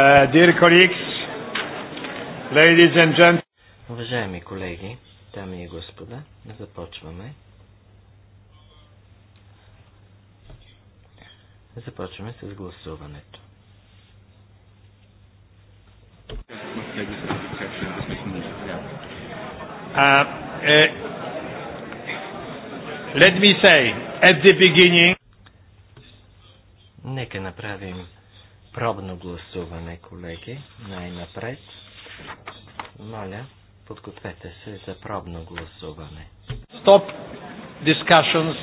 Uh, Уважаеми колеги, дами и господа, започваме. Започваме с гласуването. Uh, uh, let me say, at the beginning... Нека направим пробно гласуване, колеги, най-напред. Моля, подгответе се за пробно гласуване. Stop discussions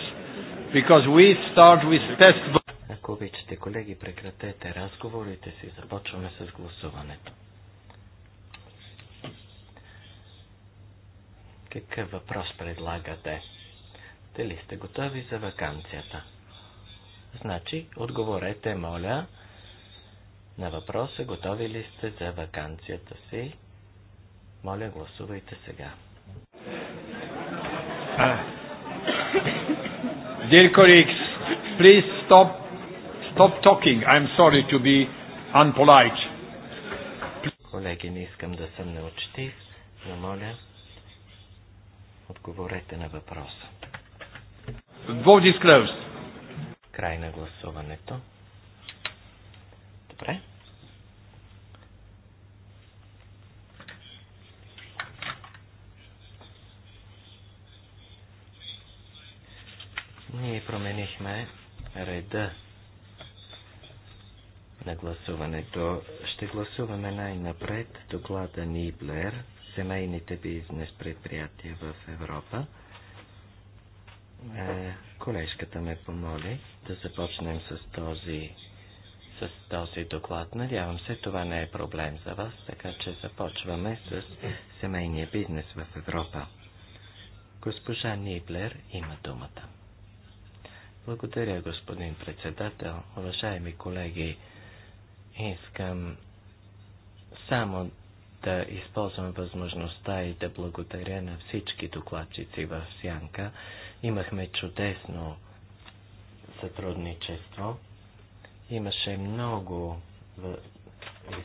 because we start with test Ако обичате, колеги, прекратете разговорите си. Започваме с гласуването. Какъв въпрос предлагате? Дали сте готови за вакансията? Значи, отговорете, моля, на въпроса готови ли сте за вакансията си. Моля, гласувайте сега. Dear colleagues, please stop, stop talking. I'm sorry to be unpolite. Колеги, не искам да съм неучтив, но моля, отговорете на въпроса. Vote is closed. Край на гласуването. Добре. Ние променихме реда на гласуването. Ще гласуваме най-напред доклада Ниблер, семейните бизнес предприятия в Европа. Е, колежката ме помоли да започнем с този с този доклад. Надявам се, това не е проблем за вас, така че започваме с семейния бизнес в Европа. Госпожа Ниблер има думата. Благодаря, господин председател. Уважаеми колеги, искам само да използвам възможността и да благодаря на всички докладчици в Сянка. Имахме чудесно сътрудничество. Имаше много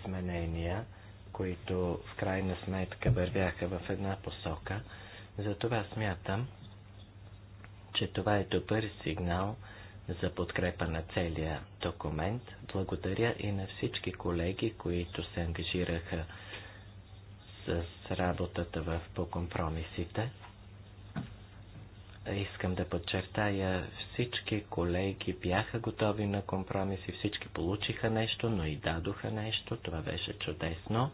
изменения, които в крайна сметка вървяха в една посока. Затова смятам, че това е добър сигнал за подкрепа на целия документ. Благодаря и на всички колеги, които се ангажираха с работата в, по компромисите. Искам да подчертая, всички колеги бяха готови на компромиси, всички получиха нещо, но и дадоха нещо. Това беше чудесно.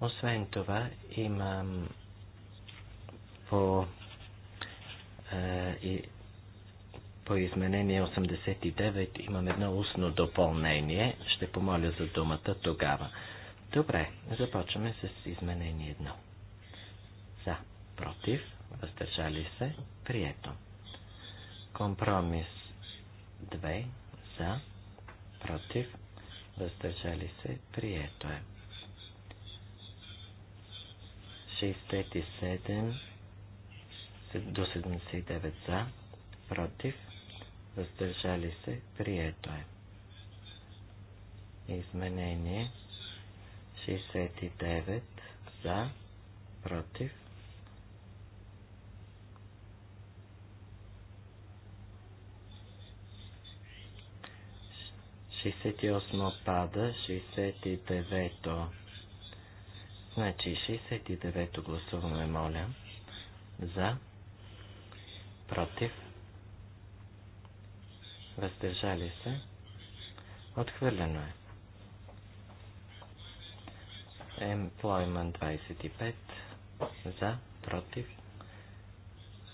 Освен това, имам по, е, и, по изменение 89 имам едно устно допълнение. Ще помоля за думата тогава. Добре, започваме с изменение 1. За, против, въздържали се, прието. Компромис 2 за, против, въздържали се, прието е. 67 до 79 за, против, въздържали се, прието е. Изменение 69 за, против, 68 пада, 69-то. Значи 69-то гласуваме, моля. За. Против. Въздържали се. Отхвърлено е. Employment 25. За. Против.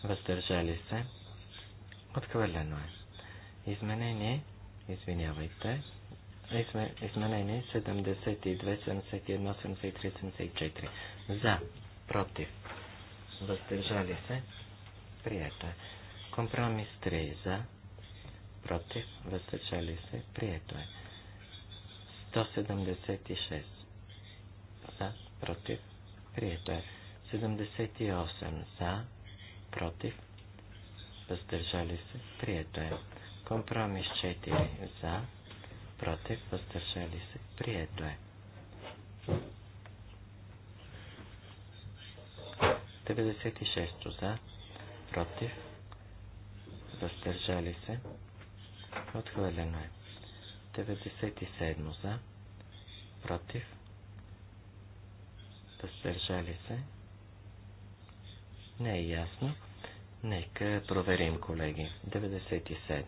Въздържали се. Отхвърлено е. Изменение Извинявайте. Изменение 72, 71, 73, 74. За. Против. Въздържали се. Прието е. Компромис 3. За. Против. Въздържали се. Прието е. 176. За. Против. Прието е. 78. За. Против. Въздържали се. Прието е. Компромис 4 за, против, въздържали се, прието е. 96 за, против, въздържали се, отхвърлено е. 97 за, против, въздържали се, не е ясно. Нека проверим, колеги. 97.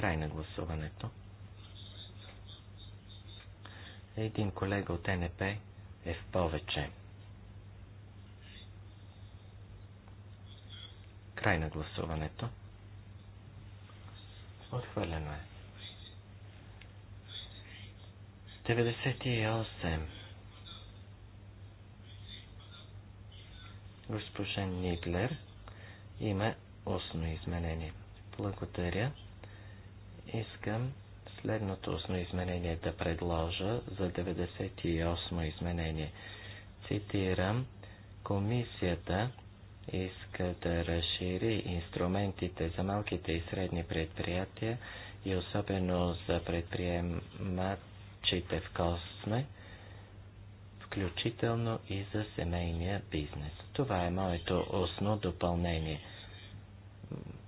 Край на гласуването. Един колега от НП е в повече. Край на гласуването. Отхвърлено е. 98. Госпожа Ниглер има устно изменение. Благодаря. Искам следното устно изменение да предложа за 98 изменение. Цитирам, комисията иска да разшири инструментите за малките и средни предприятия и особено за предприемачите в Косме, включително и за семейния бизнес. Това е моето основно допълнение.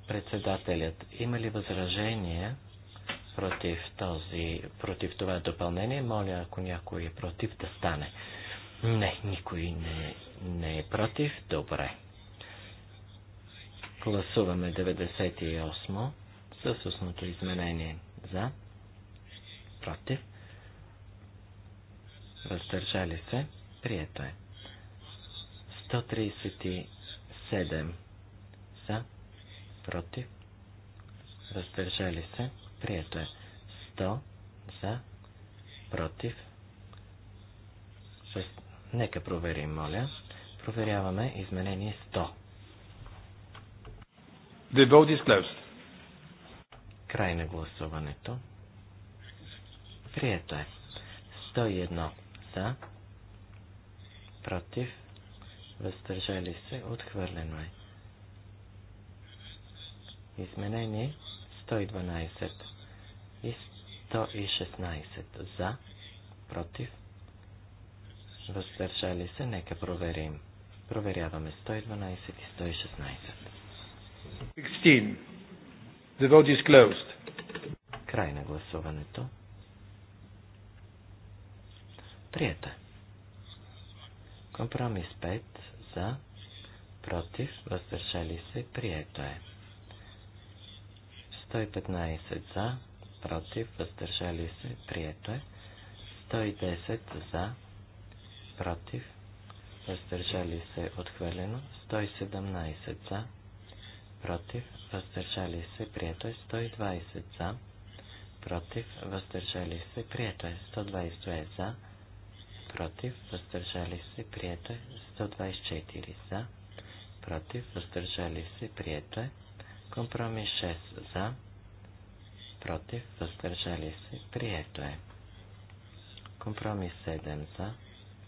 Председателят, има ли възражения? против, този, против това допълнение. Моля, ако някой е против, да стане. Не, никой не, не е против. Добре. Гласуваме 98 с устното изменение за, против, въздържали се, прието е. 137 за, против, въздържали се, Прието е. 100 за, против. Нека проверим, моля. Проверяваме изменение 100. The vote is closed. Край на гласуването. Прието е. 101 за, против, въздържали се, отхвърлено е. Изменение 112 и 116 за, против, въздържали се, нека проверим. Проверяваме 112 и 116. 16. The vote is closed. Край на гласуването. Прията. Е. Компромис 5 за, против, въздържали се, прието е. 115 за, против, въздържали се, прието е. 110 за, против, въздържали се, отхвърлено. 117 за, против, въздържали се, прието е. 120 за, против, въздържали се, прието е. 122 за, против, въздържали се, прието е. 124 за, против, въздържали се, прието е. Компромис 6 за, против, въздържали се, прието е. Компромис 7 за,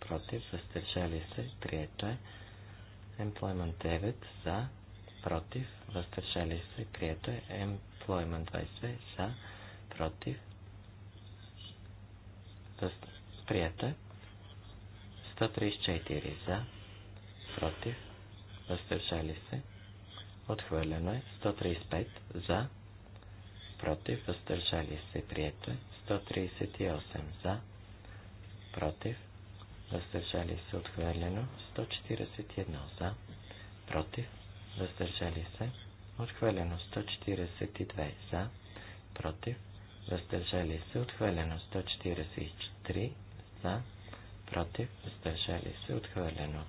против, въздържали се, прието е. Employment 9 за, против, въздържали се, прието е. Employment 22 за, против, прието е. 134 за, против, въздържали се, отхвърлено е. 135 за, против, въздържали се, прието е. 138 за, против, въздържали се, отхвърлено. 141 за, против, въздържали се, отхвърлено. 142 за, против, въздържали се, отхвърлено. 143 за, против, въздържали се, отхвърлено.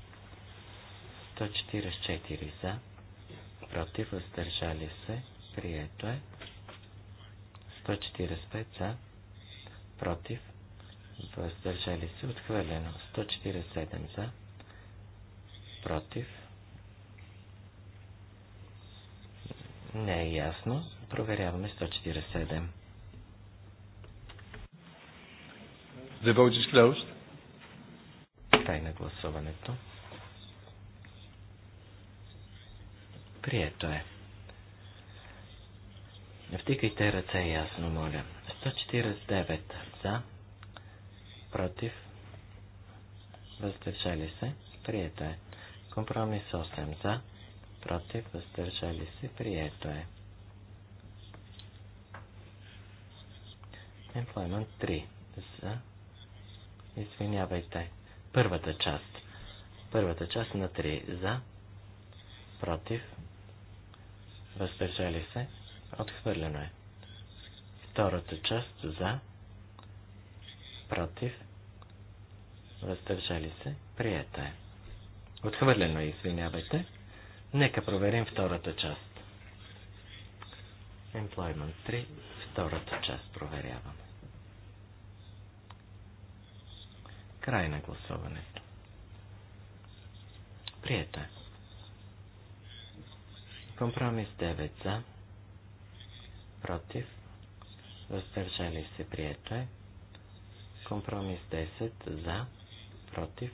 144 за, против, въздържали се, прието е. 145 за, против, въздържали се, отхвърлено. 147 за, против. Не е ясно. Проверяваме 147. The vote is closed. Край на гласуването. Прието е. Втикайте ръце ясно, моля. 149 за, против, въздържали се, прието е. Компромис 8 за, против, въздържали се, прието е. Employment 3 за, извинявайте, първата част. Първата част на 3 за, против, въздържали се, Отхвърлено е. Втората част за, против, въздържали се, приета е. Отхвърлено е, извинявайте. Нека проверим втората част. Employment 3, втората част проверяваме. Край на гласуването. Приета е. Компромис 9 за против, въздържали се, прието е. Компромис 10 за, против,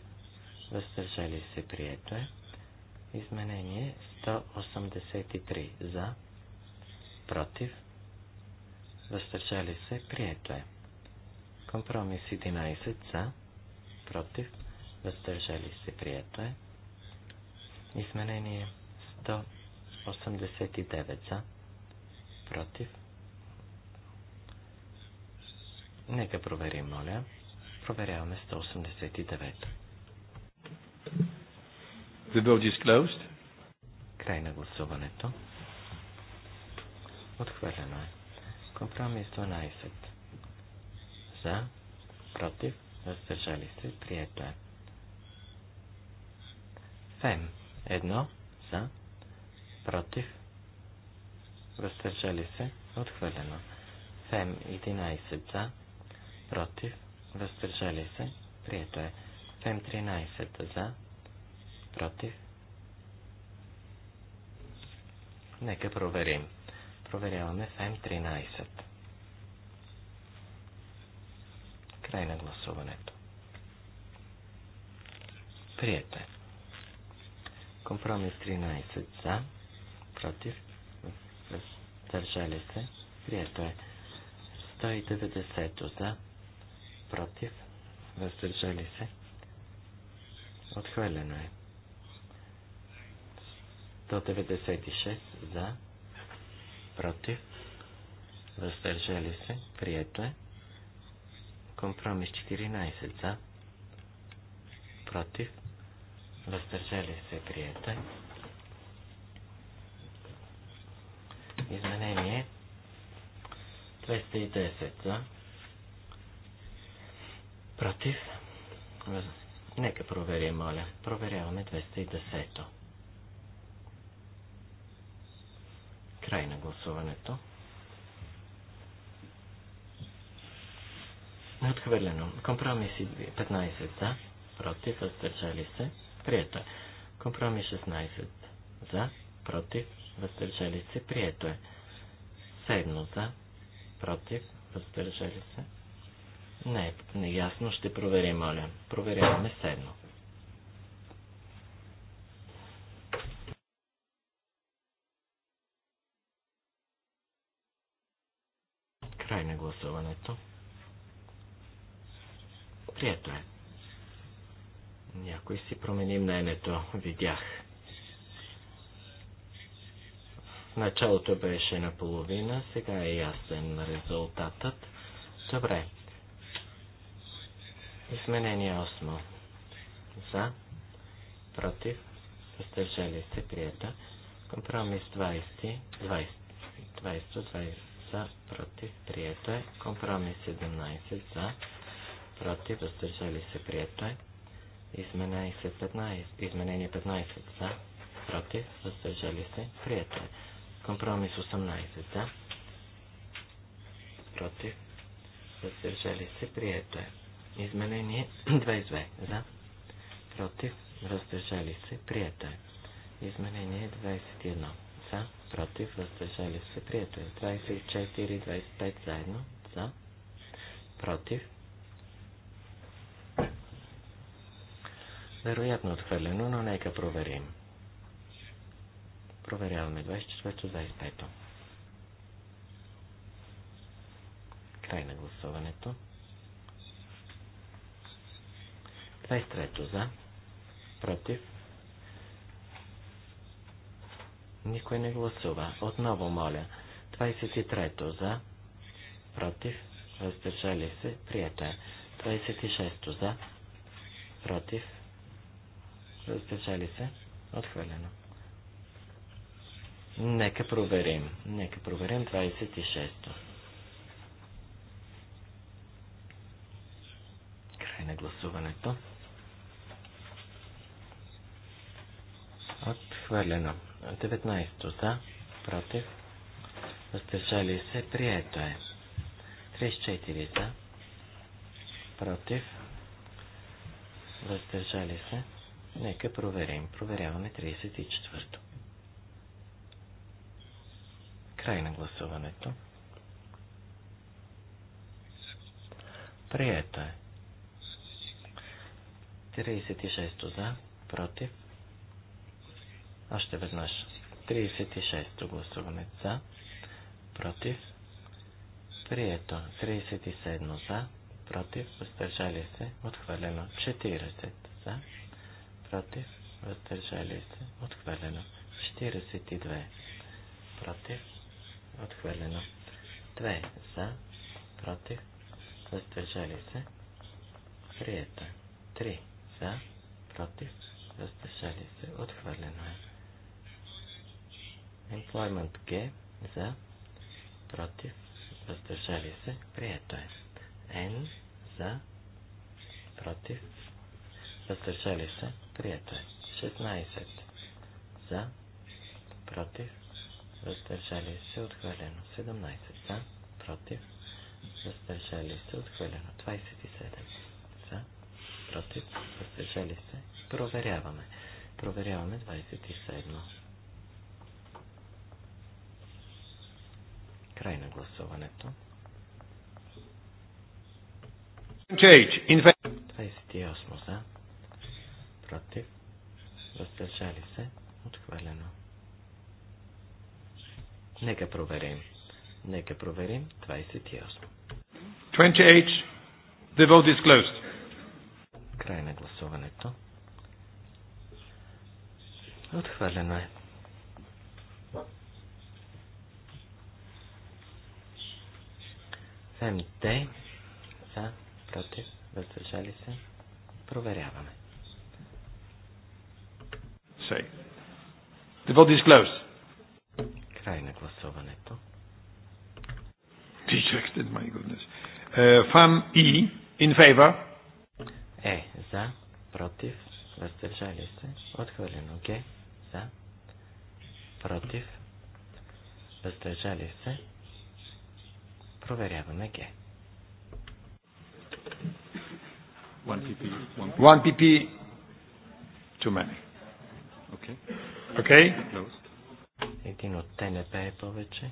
въздържали се, прието е. Изменение 183 за, против, въздържали се, прието е. Компромис 11 за, против, въздържали се, прието е. Изменение 189 за, против, Нека проверим, моля. Проверяваме 189. The vote is closed. Край на гласуването. Отхвърлено е. Компромис 12. За, против, въздържали се, прието е. Фем. Едно. За. Против. Въздържали се. Отхвърлено. Фем. 11. За против, въздържали се, прието е. Фем 13 за, против. Нека проверим. Проверяваме Фем 13. Край на гласуването. Прието е. Компромис 13 за, против, въздържали се, прието е. 190 за, против, въздържали се, отхвърлено е. 196 за, против, въздържали се, прието е. Компромис 14 за, против, въздържали се, прието е. Изменение 210 за, Против? Нека проверим, моля. Проверяваме 210-то. Край на гласуването. Отхвърлено. Компромиси 15 за, против, въздържали се, прието е. Компромис 16 за, против, въздържали се, прието е. 7 за, против, въздържали се, не, неясно. Ще проверим, моля. Проверяваме седно. Край на гласуването. Прието е. Някой си промени мнението, видях. Началото беше наполовина, сега е ясен резултатът. Добре. Изменение 8. За. Против. Въздържали се. Приета. Компромис 20. 20. 20. 20. За. Против. Прието е. Компромис 17. За. Против. Въздържали се. Прието е. Изменение 15. Изменение 15. За. Против. Въздържали се. Прието е. Компромис 18. За. Против. Въздържали се. Прието е. Изменение 22 за, против, въздържали се, прието е. Изменение 21 за, против, въздържали се, прието е. 24 25 заедно за, против. Вероятно отхвърлено, но нека проверим. Проверяваме 24-25. Край на гласуването. 23 то за, против. Никой не гласува. Отново моля. 23-то за, против. Въздържали се. Прието е. 26-то за, против. Въздържали се. Отхвърлено. Нека проверим. Нека проверим 26-то. Край на гласуването. Отхвърлено. 19 за, против, въздържали се, прието е. 34 за, против, въздържали се. Нека проверим. Проверяваме 34-то. Край на гласуването. Прието е. 36 за, против, още веднъж. 36-то гласуваме за, против, прието. 37 за, против, въздържали се, отхвърлено. 40 за, против, въздържали се, отхвърлено. 42 против, отхвърлено. 2 за, против, въздържали се, прието. 3 за, против, въздържали се, отхвърлено е. Employment G за, против, въздържали се, прието е. N за, против, въздържали се, прието е. 16 за, против, въздържали се, отхвърлено. 17 за, против, въздържали се, отхвърлено. 27 за, против, въздържали се, проверяваме. Проверяваме 27. Край на гласуването. 28 за. Против. Въздържали се. Отхвалено. Нека проверим. Нека проверим 28. 28. The vote is closed. Край на гласуването. Отхвалено е. МД. за, против, въздържали се. Проверяваме. Say. The vote is closed. Край на гласуването. Dejected, my goodness. Фам uh, И, e, in favor. Е, за, против, въздържали се, отхвърлено. Г, за, против, въздържали се, Проверяваме Г. 1 PP, 1 PP, too many. Okay. Okay. Един от ТНП е повече.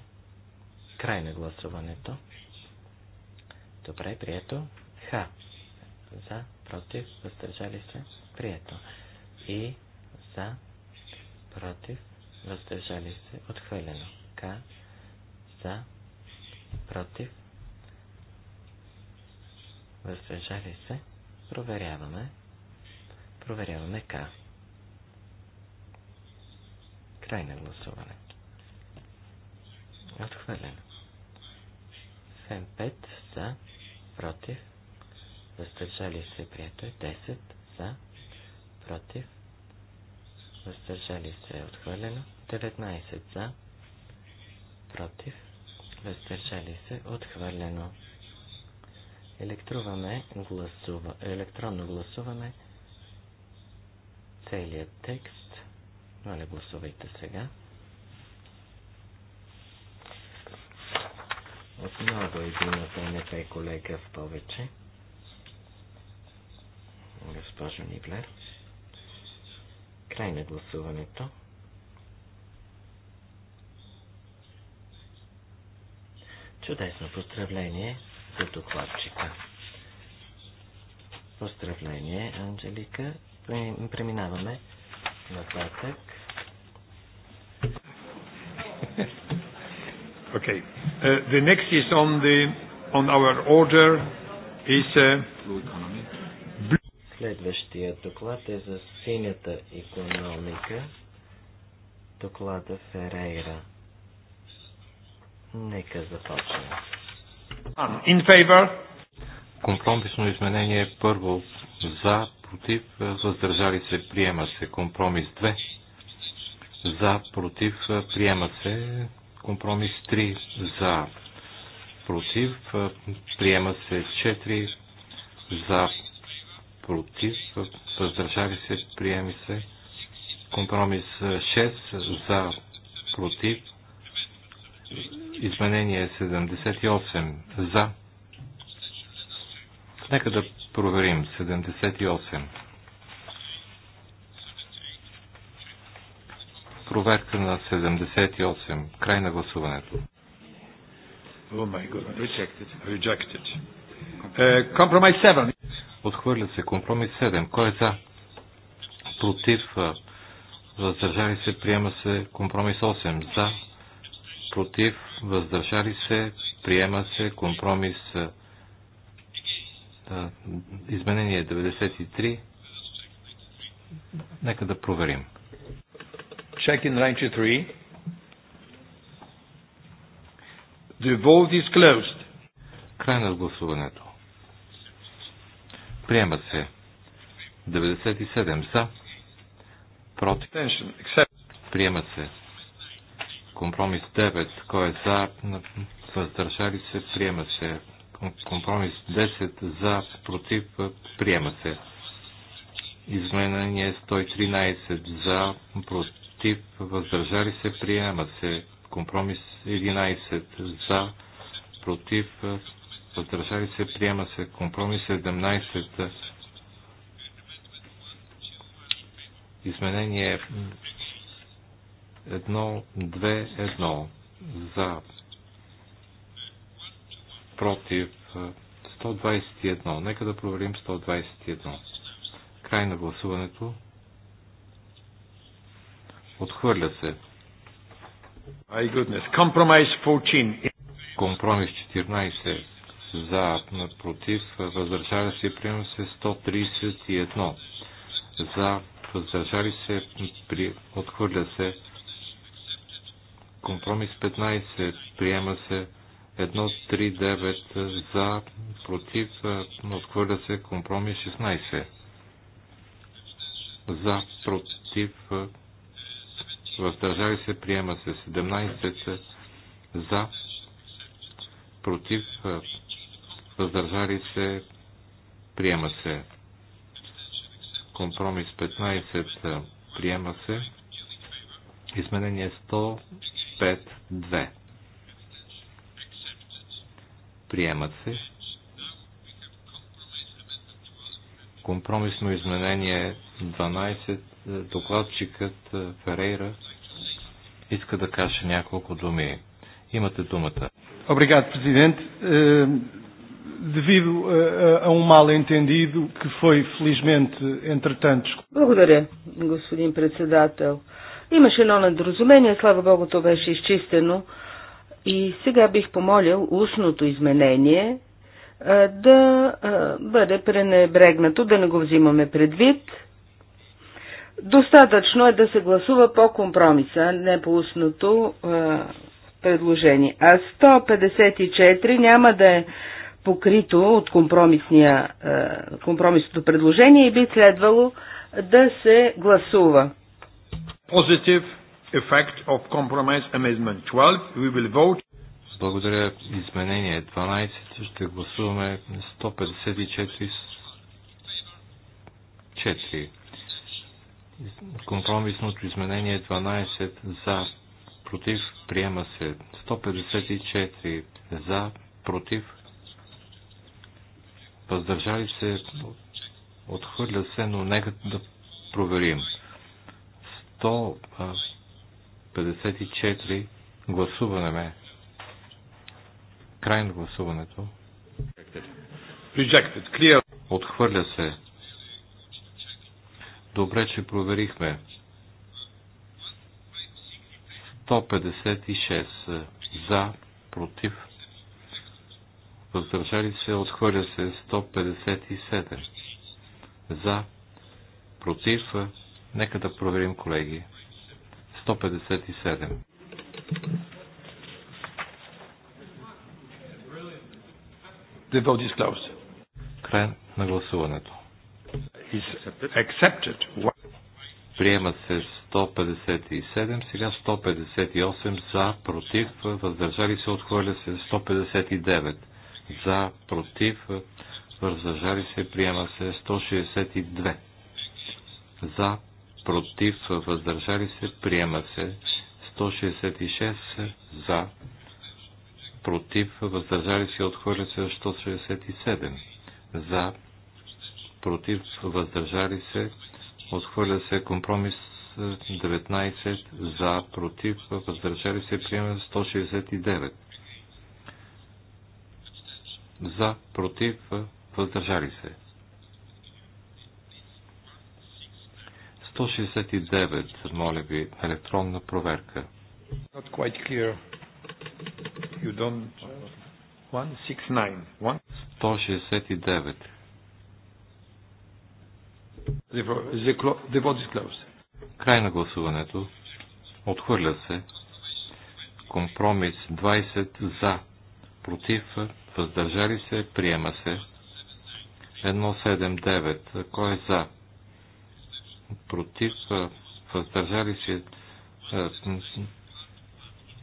Край на гласуването. Добре, прието. Х. За, против, въздържали се. Прието. И за, против, въздържали се. Отхвърлено. К. За, против, въздържали се, проверяваме, проверяваме К. Край на гласуване. Отхвърлено. 5 за, против, въздържали се, прието е 10 за, против, въздържали се, отхвърлено, 19 за, против, въздържали се, отхвърлено. Електруваме, гласува, електронно гласуваме целият текст. Моля, гласувайте сега. Отново един от НП колега в повече. Госпожо Ниблер. Край на гласуването. Чудесно поздравление за докладчика. Поздравление, Анджелика. Преминаваме нататък. Okay. Uh, the next is on the on our order is uh, Следващия доклад е за синята економика. Доклада Ферейра. Нека започнем. In favor. Компромисно изменение първо за, против, въздържали се, приема се. Компромис 2. За, против, приема се. Компромис 3. За, против, приема се 4. За, против, въздържали се, приеми се. Компромис 6. За, против, Изменение 78 за. Нека да проверим. 78. Проверка на 78. Край на гласуването. Oh Rejected. Uh, 7. Отхвърля се компромис 7. Кой е за? Против. Въздържали се. Приема се компромис 8. За против, въздържали се, приема се, компромис а, изменение 93. Нека да проверим. Check in 93. The vote is closed. Край на гласуването. Приема се 97 са. Против. Приема се Компромис 9. Кой е за? Въздържали се? Приема се. Компромис 10. За? Против? Приема се. Изменение 113. За? Против? Въздържали се? Приема се. Компромис 11. За? Против? Въздържали се? Приема се. Компромис 17. Изменение едно, две, едно. За. Против. 121. Нека да проверим 121. Край на гласуването. Отхвърля се. My goodness. Compromise 14. Компромис 14. За, против, въздържали се, приема се 131. За, въздържали се, при, отхвърля се Компромис 15 приема се 139 за, против, отхвърля се компромис 16. За, против, въздържали се, приема се 17 за, против, въздържали се, приема се. Компромис 15 приема се. Изменение 100 5.2. Приемат се. Компромисно изменение 12. Докладчикът Ферейра иска да каже няколко думи. Имате думата. Обригад, президент. Devido a um mal entendido que foi, felizmente, entretanto. Благодаря, господин председател. Имаше едно недоразумение, слава Богу, то беше изчистено. И сега бих помолил устното изменение да бъде пренебрегнато, да не го взимаме предвид. Достатъчно е да се гласува по компромиса, не по устното предложение. А 154 няма да е покрито от компромисното предложение и би следвало да се гласува positive effect of compromise amendment 12. We will vote. Благодаря. Изменение 12. Ще гласуваме 154 4. Компромисното изменение 12 за, против, приема се. 154 за, против, въздържали се, отхвърля се, но нека да проверим. 154 гласуване ме. Край на гласуването. Rejected. Clear. Отхвърля се. Добре, че проверихме. 156 за, против, въздържали се, отхвърля се 157 за, против, Нека да проверим, колеги. 157. The vote is closed. Край на гласуването. Приема се 157, сега 158 за, против, въздържали се, отхвърля се 159 за, против, въздържали се, приема се 162 за, против, въздържали се, приема се. 166 за, против, въздържали се, отхвърля се 167 за, против, въздържали се, отхвърля се компромис 19 за, против, въздържали се, приема 169 за, против, въздържали се. 169, моля ви, електронна проверка. Not quite clear. You don't... 169. The vote is closed. Край на гласуването. Отхвърля се. Компромис 20 за. Против. Въздържали се. Приема се. 179. Кой е за? против, въздържали се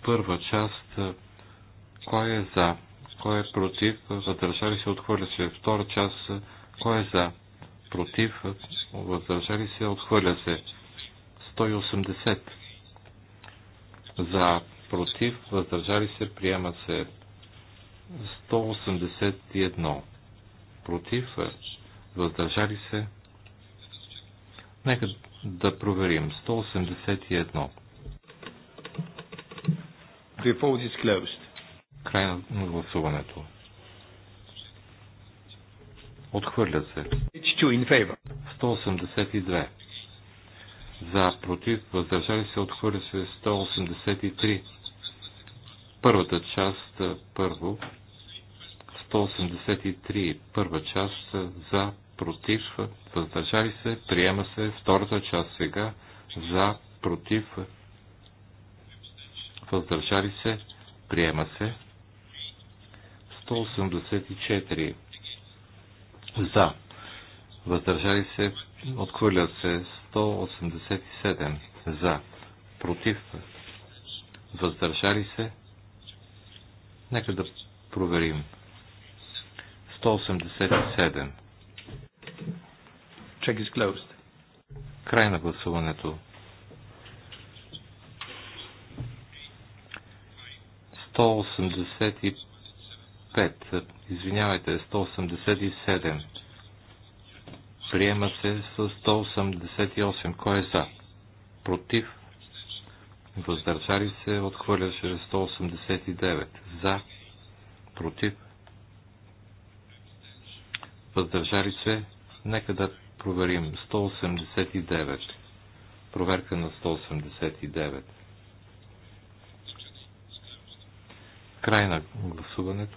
първа част, кой е за, кой е против, въздържали се, отхвърля се. Втора част, кой е за, против, въздържали се, отхвърля се. 180. За, против, въздържали се, приема се. 181. Против, въздържали се, Нека да проверим. 181. Default is Край на гласуването. Отхвърля се. 182. За, против, въздържали се, отхвърля се 183. Първата част, първо. 183. Първа част, за, против, въздържали се, приема се. Втората част сега, за, против, въздържали се, приема се. 184 за, въздържали се, отхвърля се 187 за, против, въздържали се. Нека да проверим. 187. Check is closed. Край на гласуването. 185. Извинявайте, 187. Приема се с 188. Кой е за? Против? Въздържали се? Отхвърля се 189. За? Против? Въздържали се? Нека да проверим. 189. Проверка на 189. Край на гласуването.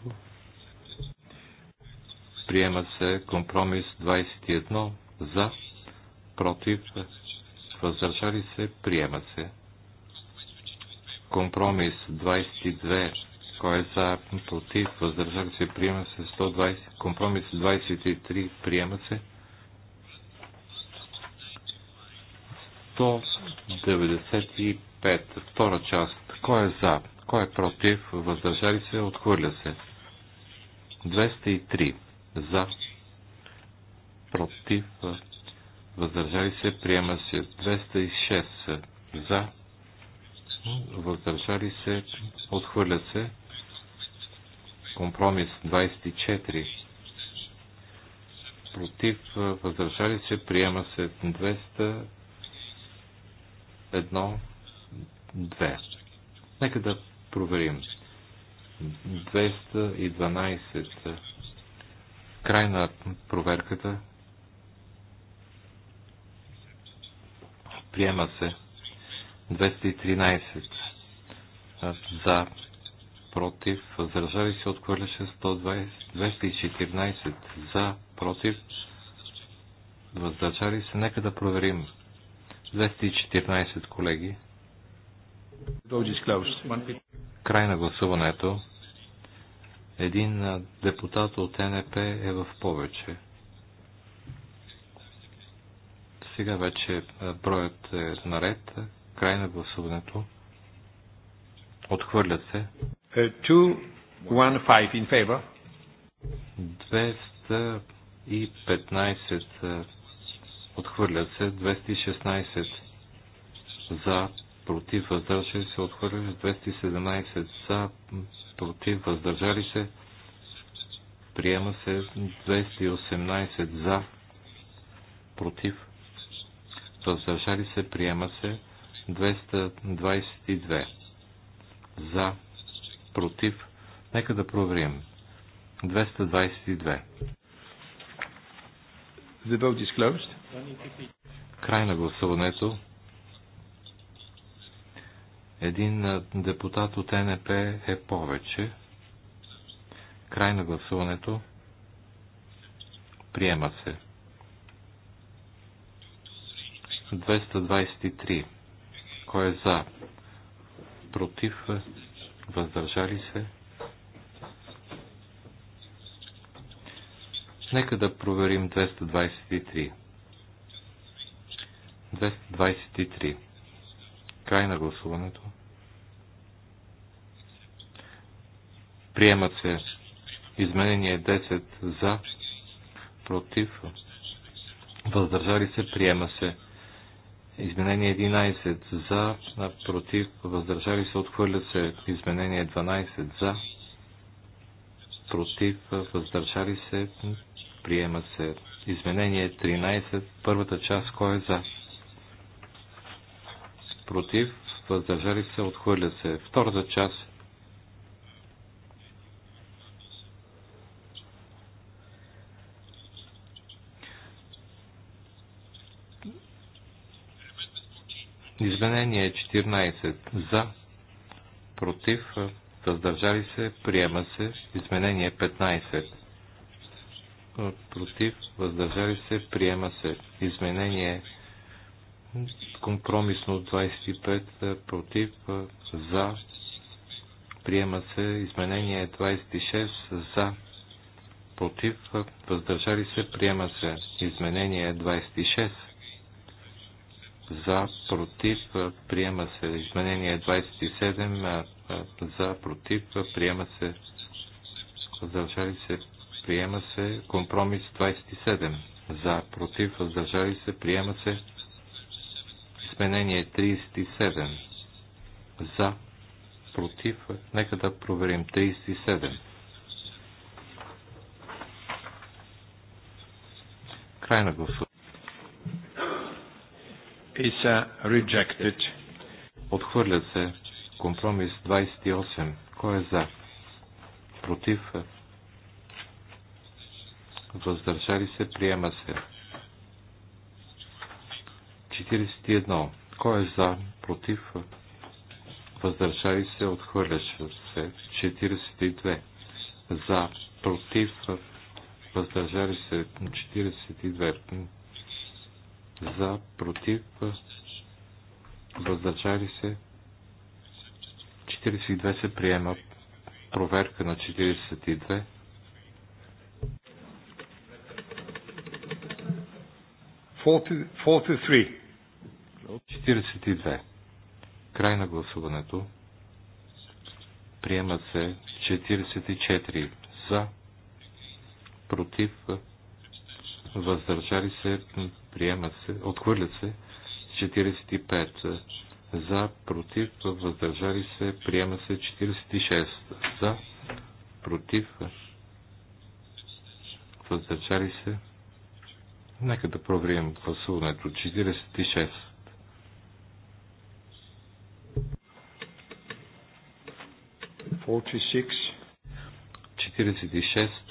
Приема се компромис 21 за, против, въздържали се, приема се. Компромис 22, кой е за, против, въздържали се, приема се. 120, компромис 23, приема се. 195. Втора част. Кой е за? Кой е против? Въздържали се? Отхвърля се. 203. За. Против. Въздържали се? Приема се. 206. За. Въздържали се? Отхвърля се. Компромис 24 против, въздържали се, приема се 200 едно, две. Нека да проверим. 212. Край на проверката. Приема се. 213. За. Против. Възражали се отхвърляше 120. 214. За. Против. Въздържали се. Нека да проверим. 213. 214 колеги. Край на гласуването. Един депутат от НП е в повече. Сега вече броят е наред. Край на гласуването. Отхвърлят се. 215 е, in favor. 215 Отхвърлят се 216 за, против, въздържали се. Отхвърлят 217 за, против, въздържали се. Приема се 218 за, против, въздържали се. Приема се 222 за, против. Нека да проверим. 222. The vote is closed. Край на гласуването. Един депутат от НП е повече. Край на гласуването. Приема се. 223. Кой е за? Против? Въздържали се? Нека да проверим 223. 223. Край на гласуването. Приемат се изменение 10 за, против, въздържали се, приема се. Изменение 11 за, против, въздържали се, отхвърля се. Изменение 12 за, против, въздържали се, приема се. Изменение 13, първата част, кой е за? против, въздържали се, отхвърля се. Втората част Изменение 14. За, против, въздържали се, приема се. Изменение 15. Против, въздържали се, приема се. Изменение 16. Компромисно 25 е, против, е, за. Приема се изменение 26 за. Против, е, въздържали се, приема се изменение 26 за, против, приема се изменение 27, за, против, приема се, въздържали се, приема се, компромис 27, за, против, въздържали се, приема се, изменение 37. За, против, нека да проверим 37. Край гласуване. Uh, rejected. Отхвърля се компромис 28. Кой е за? Против? Въздържали се, приема се. 41. Кой е за, против, въздържали се, отхвърляше се. 42. За, против, въздържали се. 42. За, против, въздържали се. 42 се приема. Проверка на 42. Forty-three. 42. Край на гласуването. Приема се 44 за, против, въздържали се, приема се, отхвърлят се 45 за, против, въздържали се, приема се 46 за, против, въздържали се. Нека да проверим гласуването 46. 46.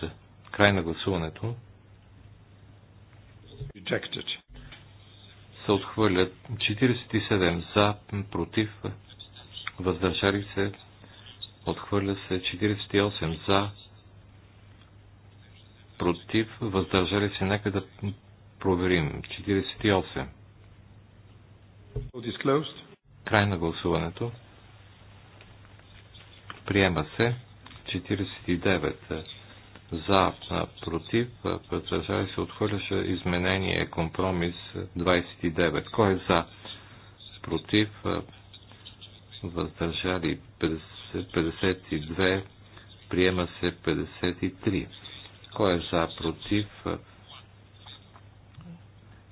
Край на гласуването. Rejected. Се отхвърлят 47 за, против, въздържали се, отхвърля се 48 за, против, въздържали се, нека да проверим. 48. Край на гласуването. Приема се 49 за, против, въздържали се, отхвърляше изменение, компромис 29. Кой е за? Против, въздържали 52, приема се 53. Кой е за? Против,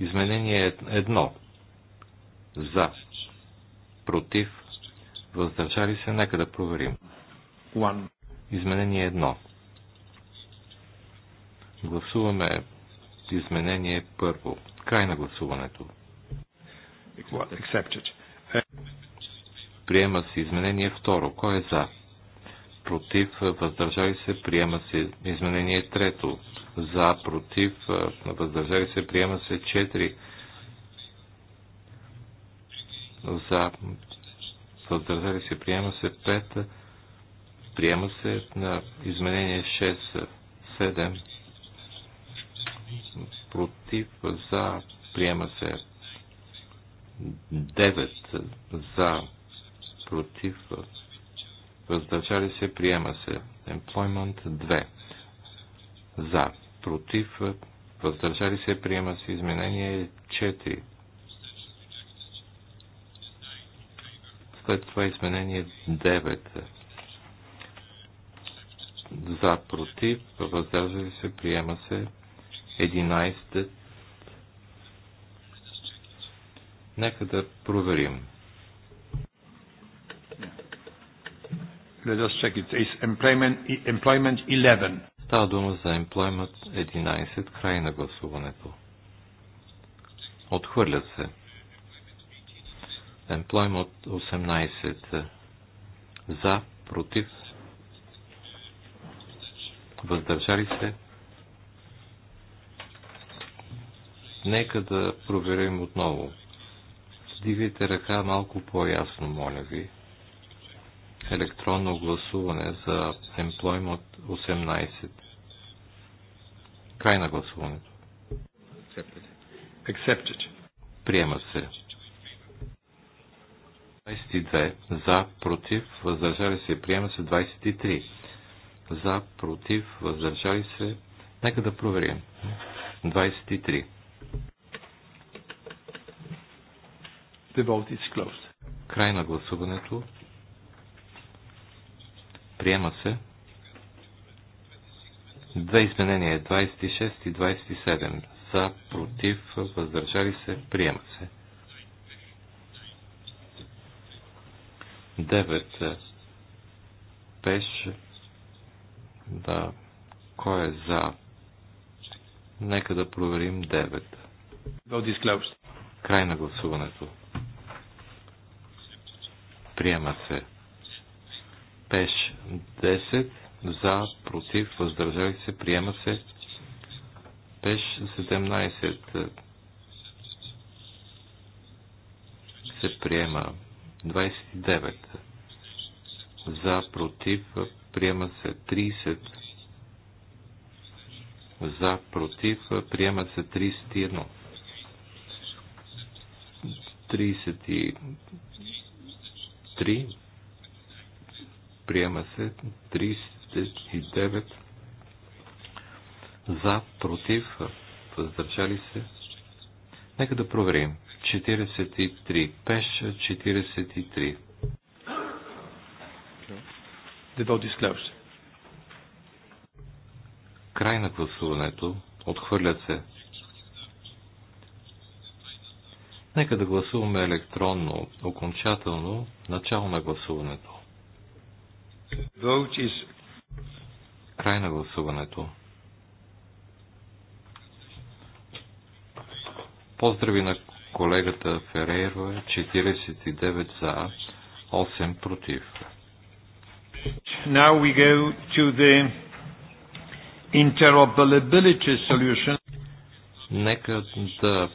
изменение 1. За, против, въздържали се, нека да проверим. One. Изменение едно. Гласуваме изменение първо. Край на гласуването. Приема се изменение второ. Кой е за? Против, въздържали се, приема се изменение трето. За, против, въздържали се, приема се четири. За, въздържали се, приема се пет Приема се на изменение 6, 7, против, за, приема се 9, за, против, въздържали се, приема се. Employment 2, за, против, въздържали се, приема се. Изменение 4, след това изменение 9 за, против, въздържали се, приема се. 11. Нека да проверим. Let us check it. It's employment, employment 11. Става дума за Employment 11, край на гласуването. Отхвърлят се. Employment 18. За, против, въздържали се. Нека да проверим отново. Дивите ръка малко по-ясно, моля ви. Електронно гласуване за Employment 18. Край на гласуването. Accepted. Приема се. 22 за, против, въздържали се, приема се 23 за, против, въздържали се. Нека да проверим. 23. The vote is closed. Край на гласуването. Приема се. Две изменения 26 е и 27. За, против, въздържали се, приема се. 9. Пеше да, кой е за? Нека да проверим 9. Край на гласуването. Приема се. Пеш 10. За, против, въздържали се. Приема се. Пеш 17. Се приема. 29. За, против, приема се 30 за, против, приема се 31. 33 приема се 39 за, против, въздържали се. Нека да проверим. 43, пеш 43. The vote is Край на гласуването. Отхвърлят се. Нека да гласуваме електронно, окончателно, начало на гласуването. Vote is... Край на гласуването. Поздрави на колегата Ферейро, 49 за, 8 против. Now we go to the interoperability solution. Нека да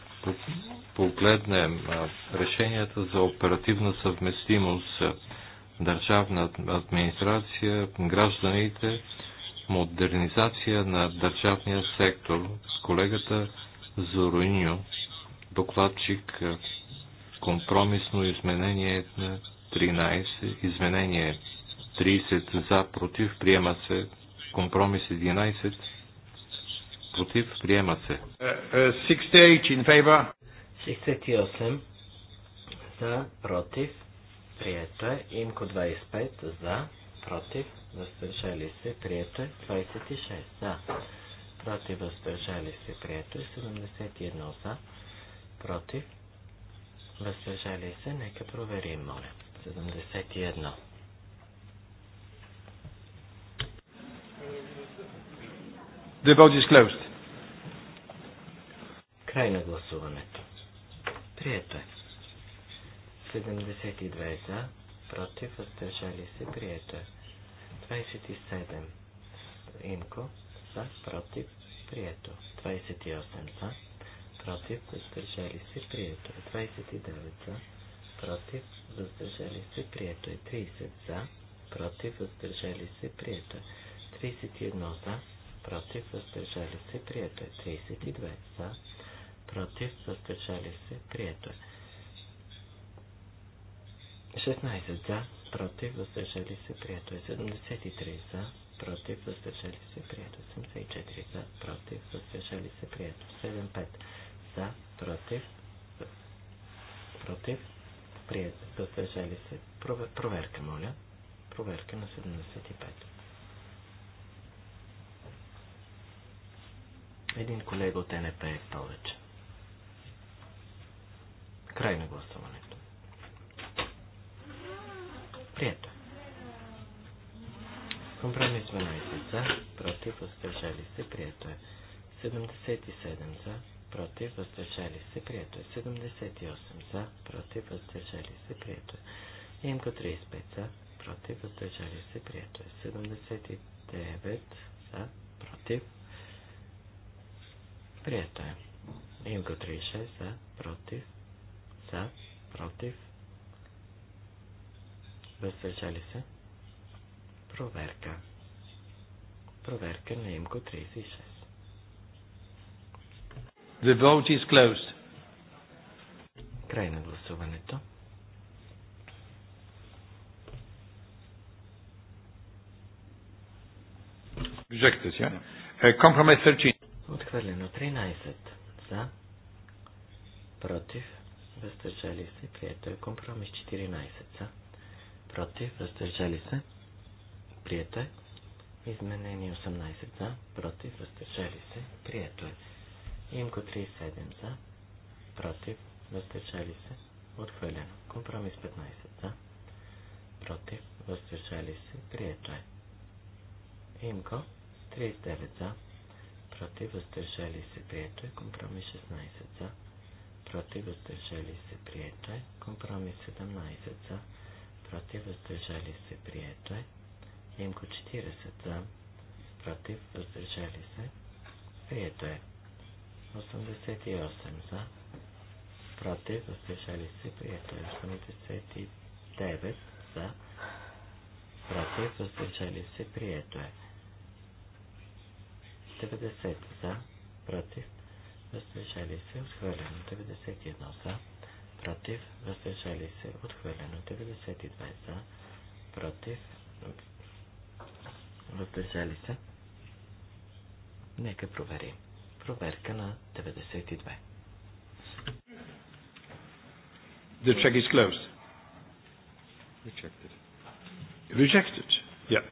погледнем решенията за оперативна съвместимост държавна администрация, гражданите, модернизация на държавния сектор. Колегата Зориньо, докладчик, компромисно изменение на 13, изменение 30 за, против, приема се. Компромис 11 против, приема се. 68 е, 68 е, за, против, прието е. Имко 25 за, против, въздържали се, прието е. 26 за, против, въздържали се, прието е. 71 за, против, въздържали се, нека проверим, моля. 71. The бъде is closed. Край на гласуването. Прието е. 72 за, против, въздържали се, прието е. 27. Имко, за, против, прието. 28 за, против, въздържали се, прието. 29 за, против, въздържали се, прието е. 30 за, против, въздържали се, прието е. 31 за, против, въздържали се, прието е. 32 за, против, въздържали се, прието е. 16 за, против, въздържали се, прието е. 73 за, против, въздържали се, прието е. 74 за, против, въздържали се, прието е. 75 за, против, против, прието, е. въздържали се. Проверка, моля. Проверка на 75. Един колега от НП е повече. Край на гласуването. Прието. Компромис 12 за, против, въздържали се, прието е. 77 за, против, въздържали се, прието е. 78 за, против, въздържали се, прието е. Имко 35 за, против, въздържали се, прието е. 79 за, против, Прието е. Имко 36 за, против, за, против, въздържали се. Проверка. Проверка на Имко 36. The vote is closed. Край на гласуването. Rejected, yeah. Компромис uh, 13. Отхвърлено 13. За. Против. Въздържали се. Прието е компромис 14. За. Против. Въздържали се. Прието е. Изменение 18. За. Против. Въздържали се. Прието е. Имко 37. За. Против. Въздържали се. Отхвърлено. Компромис 15. За. Против. Въздържали се. Прието е. Имко 39. За против, въздържали се, прието е. Компромис 16 за, против, въздържали се, прието е. Компромис 17 за, против, въздържали се, прието е. Имко 40 за, против, въздържали се, прието е. 88 за, против, въздържали се, прието е. 89 за, против, въздържали се, прието е. 90 за, против, въздържали се, отхвърлено 91 за, против, въздържали се, отхвърлено 92 за, против, въздържали се. Нека проверим. Проверка на 92. The check is closed. Rejected. Rejected. Yeah.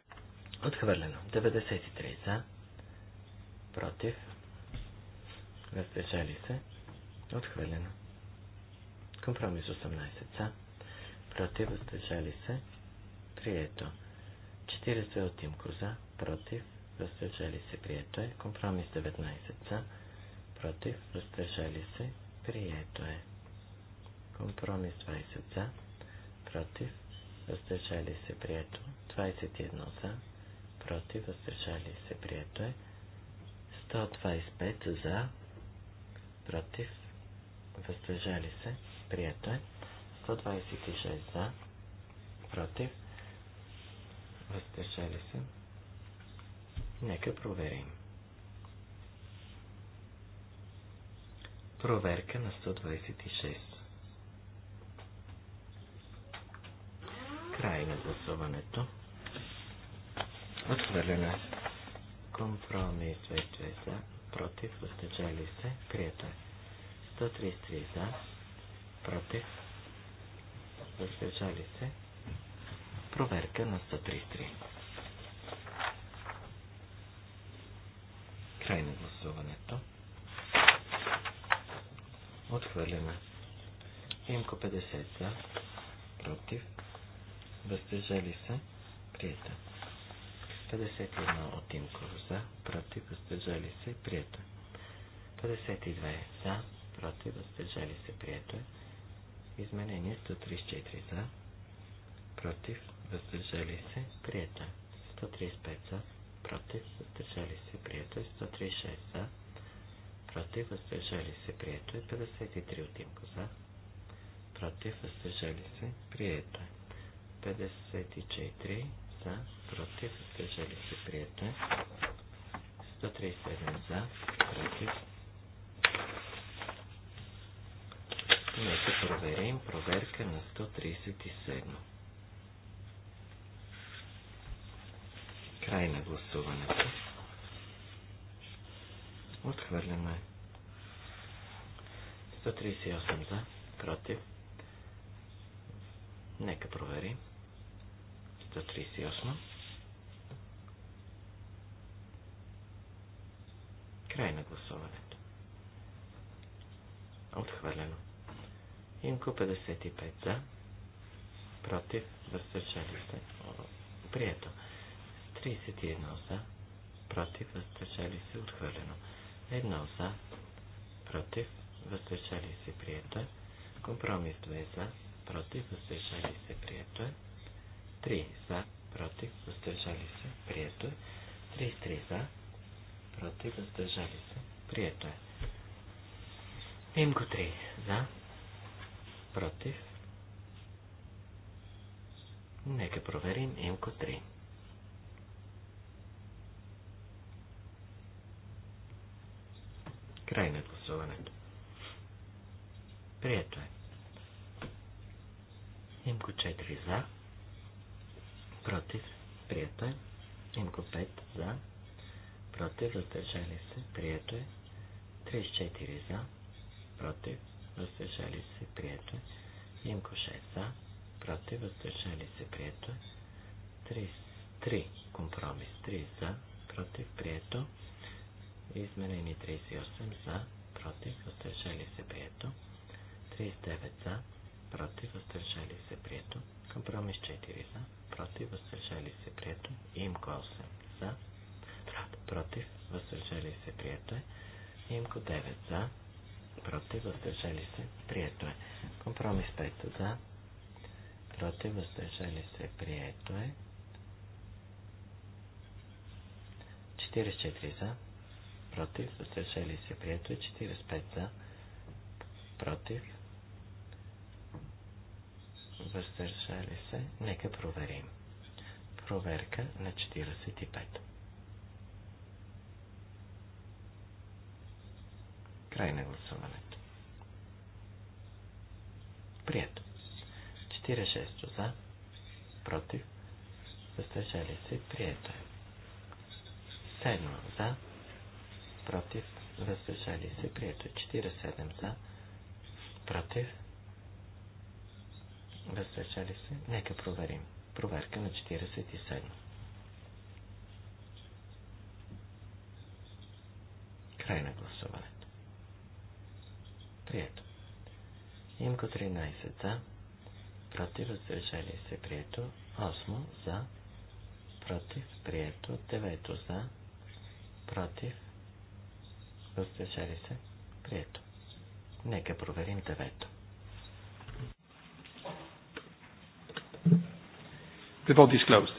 Отхвърлено. 93 за, против, въздържали се, отхвърлено. Компромис 18 за, против, въздържали се, прието. 40 от Тимко за, против, въздържали се, прието е. Компромис 19 за, против, въздържали се, прието е. Компромис 20 за, против, въздържали се, прието. 21 за, против, въздържали се, прието е. 125 за, против, въздържали се, прието е. 126 за, против, въздържали се. Нека проверим. Проверка на 126. Край на гласуването. Отхвърлено е. Компромис 22 е, е за, против, въздържали се, прието е. 133 за, против, въздържали се, проверка на 133. Край на гласуването. Отхвърляме. Имко 50 за, против, въздържали се, прието. Е. 51 от Имков за, против, въздържали се, прието е. 52 за, против, въздържали се, прието е. Изменение 134 за, против, въздържали се, прието е. 135 за, против, въздържали се, прието е. 136 за, против, въздържали се, прието е. 53 от Имков за, против, въздържали се, прието е. 54 за, против, въздържали се, прието 137 е. за, против. Нека проверим проверка на 137. Край на гласуването. Отхвърляме. 138 за, против. Нека проверим. 238. Край на гласуването. Отхвърлено. Инко 55 за. Против. Въздържали се. Прието. 31 за. Против. Въздържали се. Отхвърлено. 1 за. Против. Въздържали се. Прието. Компромис 2 за. Против. Въздържали се. Прието. 3 за, против, въздържали се, прието е. 33 за, против, въздържали се, прието е. Имко 3 за, против. Нека проверим Имко 3. Край на гласуването. Прието е. Имко 4 за, против, прието е. Имко 5 за, против, въздържали се, прието е. 34 за, против, въздържали се, прието е. Имко 6 за, против, въздържали се, прието е. 3 компромис, 3 за, против, прието. Изменени 38 за, против, въздържали се, прието. 39 за, против, въздържали се, прието. Компромис 4 за, против, въздържали се, прието. Имко 8 за, против, въздържали се, прието е. Имко 9 за, против, въздържали се, прието е. Компромис 5 за, против, въздържали се, прието е. 44 за, против, въздържали се, прието е. 45 за, против, въздържали се, нека проверим. Проверка на 45. Край на гласуването. Прието. 46 за, против, въздържали се, прието е. 7 за, против, въздържали се, прието е. 47 за, против, ли се? Нека проверим. Проверка на 47. Край на гласуването. Прието. Имко 13 за. Против. Въздържали се. Прието. 8 за. Против. Прието. 9 за. Против. Въздържали се. Прието. Нека проверим девето. The vote is closed.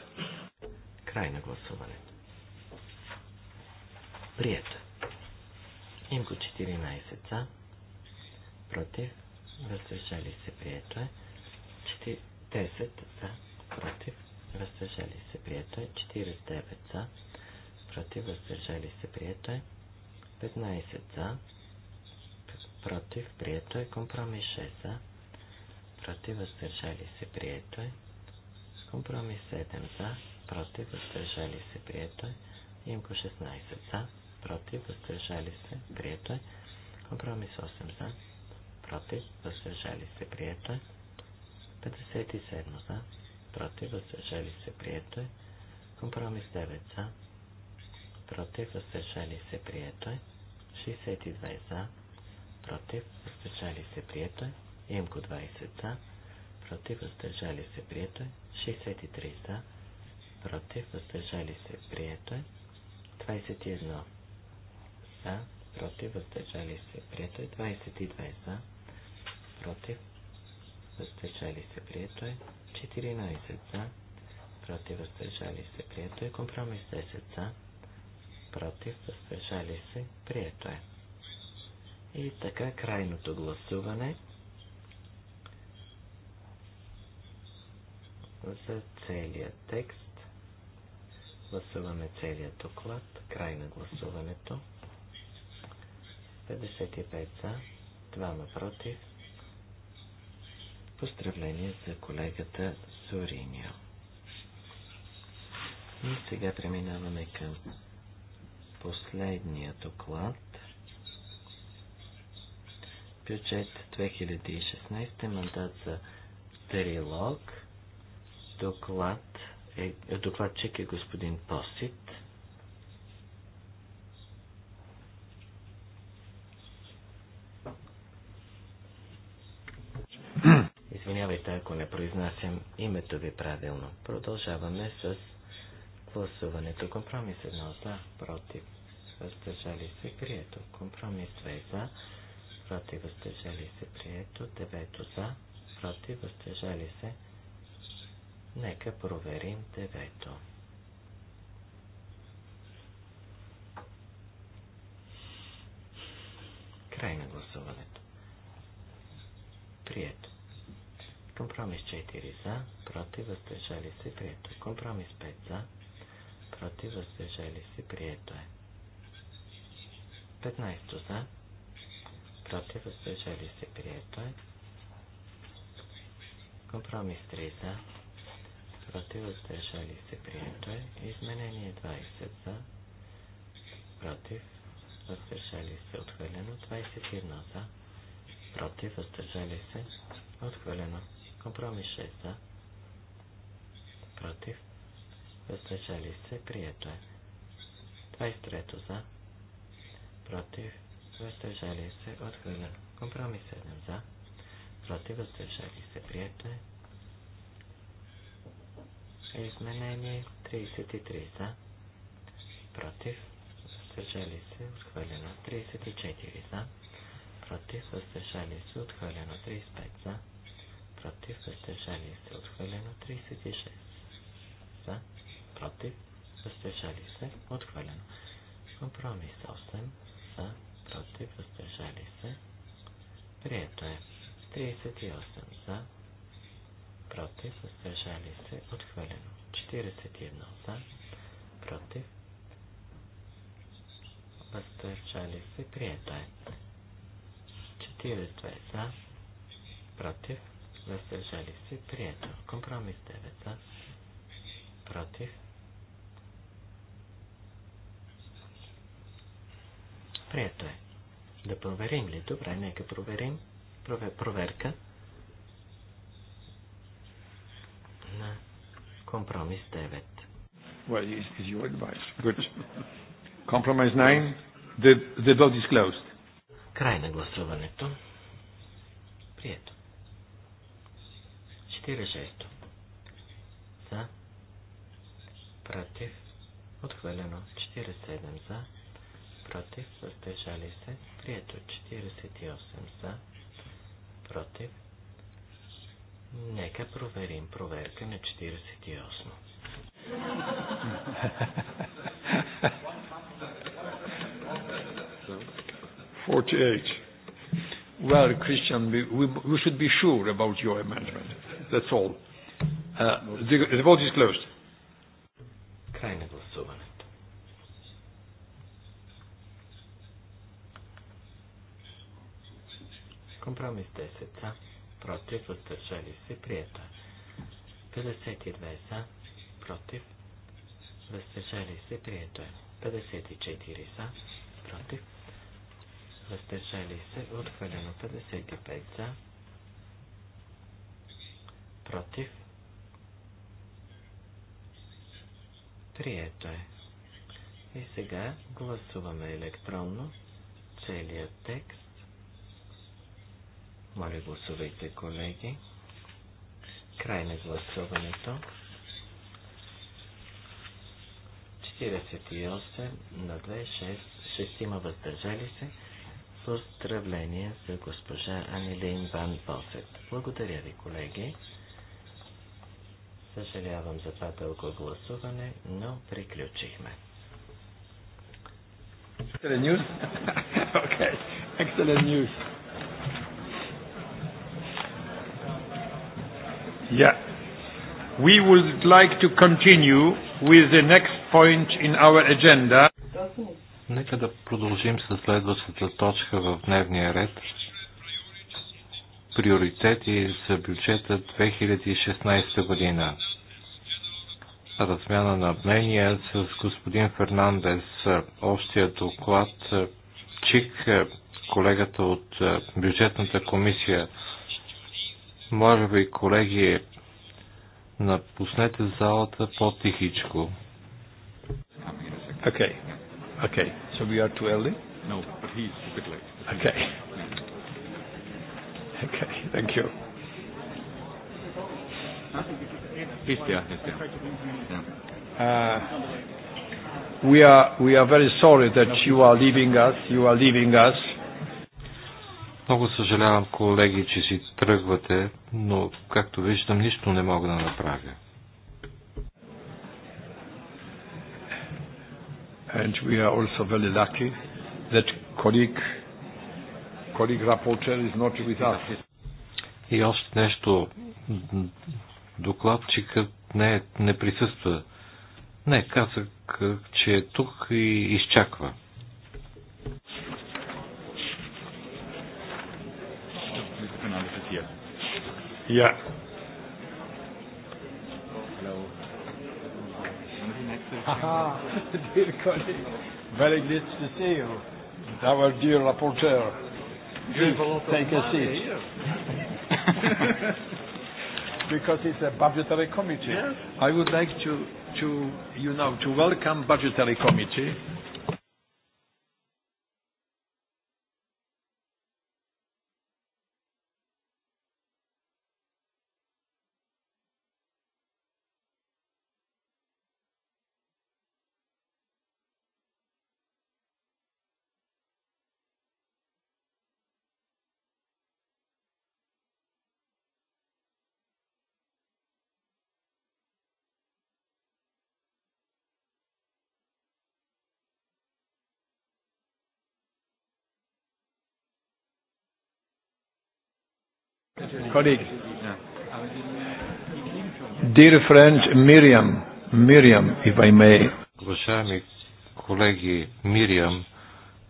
Край на гласуването. Прието. Имко 14 за. Против. Въздържали се. Прието е. 10 за. Против. Въздържали се. Прието е. 49 за. Против. Въздържали се. Прието е. 15 за. Против. Прието е. Компромис 6 за. Против. Въздържали се. Прието е. Компромис 7 за, против, въздържали се, прието е. Имко 16 за, против, въздържали се, прието е. Компромис 8 за, против, въздържали се, прието е. 57 за, против, въздържали се, прието е. Компромис 9 за, против, въздържали се, прието е. 62 за, против, въздържали се, прието е. Имко 20 за, против, въздържали се, прието е. 63 за, против, въздържали се, прието е. 21 за, против, въздържали се, прието е. 22 за, против, въздържали се, прието е. 14 за, против, въздържали се, прието е. Компромис 10 за, против, въздържали се, прието е. И така крайното гласуване. за целия текст. Гласуваме целият доклад. Край на гласуването. 55 за, 2 против. Поздравление за колегата Сориньо. И сега преминаваме към последния доклад. Бюджет 2016, мандат за трилог доклад е, докладчик е господин Посит. Извинявайте, ако не произнасям името ви правилно. Продължаваме с гласуването. Компромис едно за, против, въздържали се, прието. Компромис 2 за, против, въздържали се, прието. Девето за, против, въздържали се, прието Нека проверим девето. Край на гласуването. Прието. Компромис 4 за, против, въздържали се, прието. Компромис 5 за, против, въздържали се, прието е. 15 за, против, въздържали се, прието е. Компромис 3 за, против, въздържали се, прието е. Изменение 20 за, против, въздържали се, отхвърлено. 21 за, против, въздържали се, отхвърлено. Компромис 6 за, против, въздържали се, прието е. 23 за, против, въздържали се, отхвърлено. Компромис 7 за, против, въздържали се, прието е. Изменение 33 за. Против. Въздържали се. Отхвърлено. 34 за. Против. Въздържали се. Отхвърлено. 35 за. Против. Въздържали се. Отхвърлено. 36 за. Против. Въздържали се. Отхвърлено. Компромис 8 за. Против. Въздържали се. Прието е. 38 за против, въздържали се, отхвърлено. 41 за, против, въздържали се, прието е. 42 за, против, въздържали се, прието. Компромис 9 за, против, прието е. Да проверим ли? Добре, нека проверим. проверка. Компромис 9. Well, your advice. Good. Compromise 9. The, the vote is closed. Край на гласуването. Прието. 46. За. Против. Отхвърлено. 47 за. Против. Въздържали се. Прието. 48 за. Против Нека проверим проверка на 48. Well, Christian, we, we, we should be sure about your amendment. That's all. Uh, the, the vote is closed. Край на гласуването. Компромис 10 за против, въздържали се, прията. 52 за, против, въздържали се, прието. 54 е. за, против, въздържали се, отхвърлено 55 за, против, прието е. И сега гласуваме електронно целият текст моля, гласувайте, колеги. Край на гласуването. 48 на 26, 6 има въздържали се. Поздравления за госпожа Анилин Ван Босет. Благодаря ви, колеги. Съжалявам за това дълго гласуване, но приключихме. Excellent news. okay. Excellent news. Yeah. We would like to continue with the next point in our agenda. Нека да продължим с следващата точка в дневния ред. Приоритети за бюджета 2016 година. Размяна на мнения с господин Фернандес, общия доклад Чик, колегата от бюджетната комисия моля ви, колеги, напуснете залата по-тихичко. Okay. Okay. So we are too early? No, but he's a bit late. Okay. Okay. Thank you. Uh, we are we are very sorry that you are leaving us. You are leaving us. Много съжалявам, колеги, че си тръгвате, но, както виждам, нищо не мога да направя. and we are also very lucky that colleague, colleague rapporteur is not with us. И още нещо. Докладчикът не, не присъства. Не, казах, че е тук и изчаква. here. Yeah. Very good to see you. Our dear rapporteur. take a seat. because it's a budgetary committee. Yes. I would like to, to, you know, to welcome budgetary committee Colleague. Dear friend Miriam, Miriam, if I may. Уважаеми колеги, Мириам,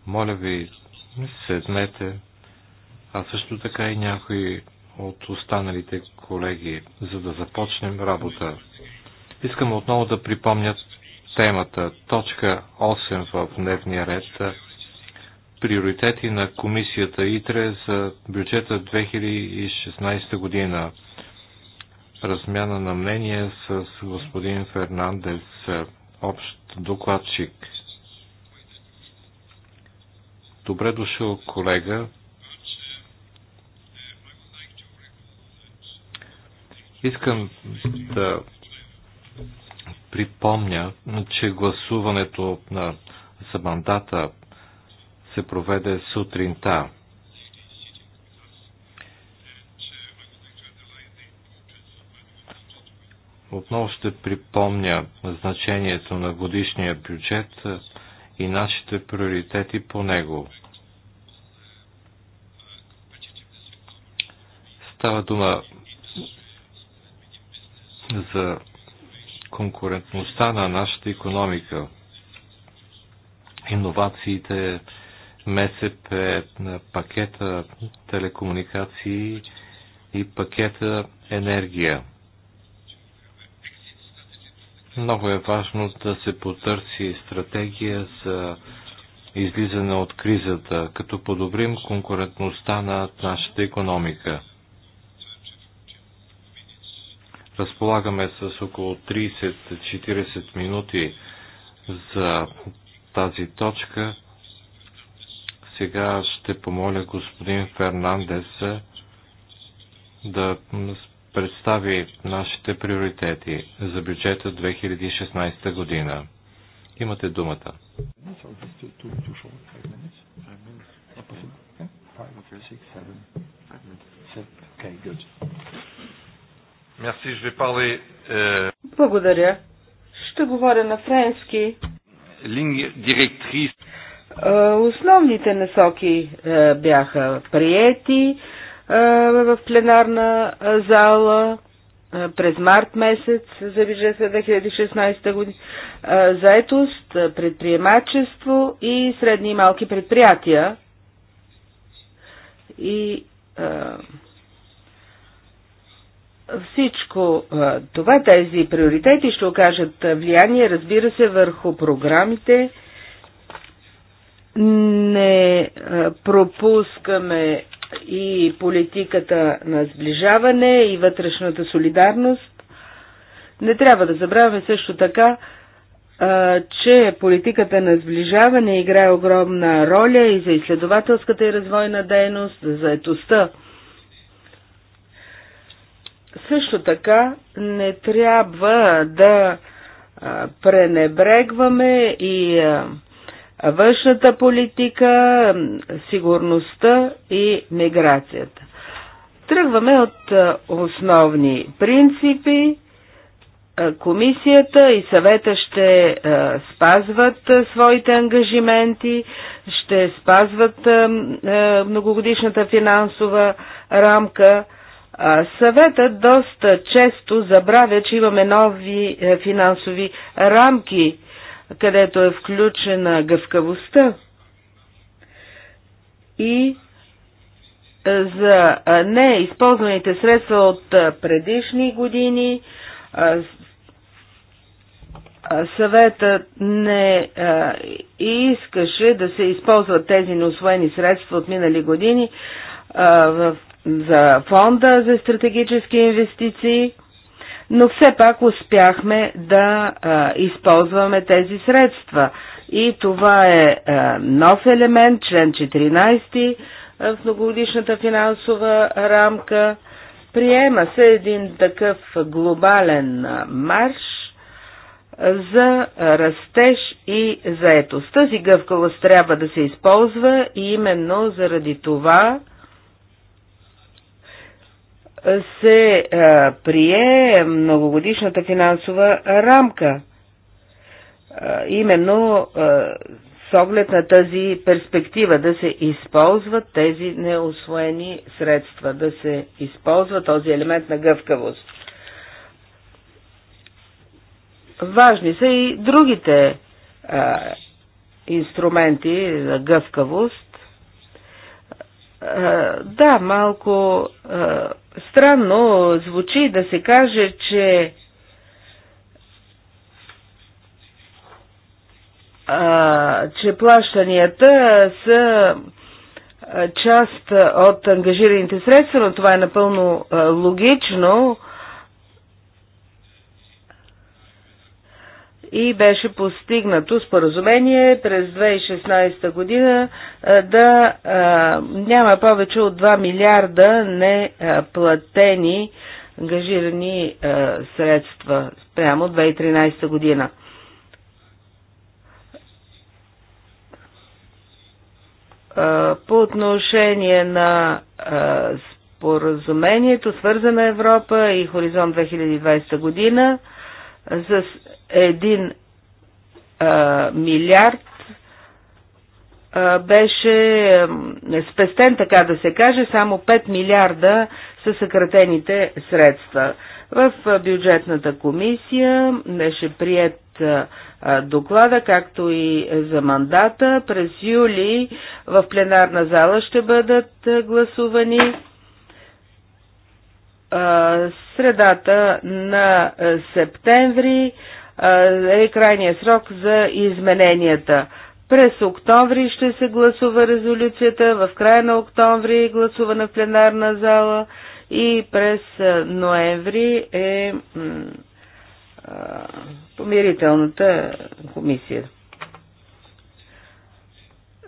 моля ви, седнете, а също така и някои от останалите колеги, за да започнем работа. Искам отново да припомня темата, точка 8 в дневния ред, приоритети на комисията ИТРЕ за бюджета 2016 година. Размяна на мнение с господин Фернандес, общ докладчик. Добре дошъл, колега. Искам да припомня, че гласуването на за мандата се проведе сутринта. Отново ще припомня значението на годишния бюджет и нашите приоритети по него. Става дума за конкурентността на нашата економика, иновациите, МСП, е пакета телекомуникации и пакета енергия. Много е важно да се потърси стратегия за излизане от кризата, като подобрим конкурентността на нашата економика. Разполагаме с около 30-40 минути за тази точка – сега ще помоля господин Фернандес да представи нашите приоритети за бюджета 2016 година. Имате думата. Е, Благодаря. Ще говоря на френски. Линия директрис е, основните насоки е, бяха приети е, в пленарна зала през март месец за бюджета 2016 година, заетост, предприемачество и средни и малки предприятия. И всичко това, тези приоритети ще окажат влияние, разбира се, върху програмите, не пропускаме и политиката на сближаване и вътрешната солидарност. Не трябва да забравяме също така, че политиката на сближаване играе огромна роля и за изследователската и развойна дейност, за заетостта. Също така не трябва да пренебрегваме и външната политика, сигурността и миграцията. Тръгваме от основни принципи. Комисията и съвета ще спазват своите ангажименти, ще спазват многогодишната финансова рамка. Съвета доста често забравя, че имаме нови финансови рамки където е включена гъвкавостта и е, за е, неизползваните средства от е, предишни години съветът не искаше да се използват тези неосвоени средства от минали години за фонда за стратегически инвестиции но все пак успяхме да а, използваме тези средства. И това е а, нов елемент, член 14 в многогодишната финансова рамка. Приема се един такъв глобален марш за растеж и заетост. Тази гъвкавост трябва да се използва и именно заради това се а, прие многогодишната финансова рамка. А, именно а, с оглед на тази перспектива да се използват тези неосвоени средства, да се използва този елемент на гъвкавост. Важни са и другите а, инструменти за гъвкавост. А, да, малко а, странно звучи да се каже, че а, че плащанията са част от ангажираните средства, но това е напълно логично. А, и беше постигнато споразумение през 2016 година да няма повече от 2 милиарда неплатени ангажирани средства прямо 2013 година. По отношение на споразумението, свързана Европа и Хоризонт 2020 година, един а, милиард а, беше а, спестен, така да се каже, само 5 милиарда са съкратените средства. В бюджетната комисия беше прият доклада, както и за мандата. През юли в пленарна зала ще бъдат гласувани средата на септември е крайният срок за измененията. През октомври ще се гласува резолюцията, в края на октомври гласувана в пленарна зала и през ноември е помирителната комисия.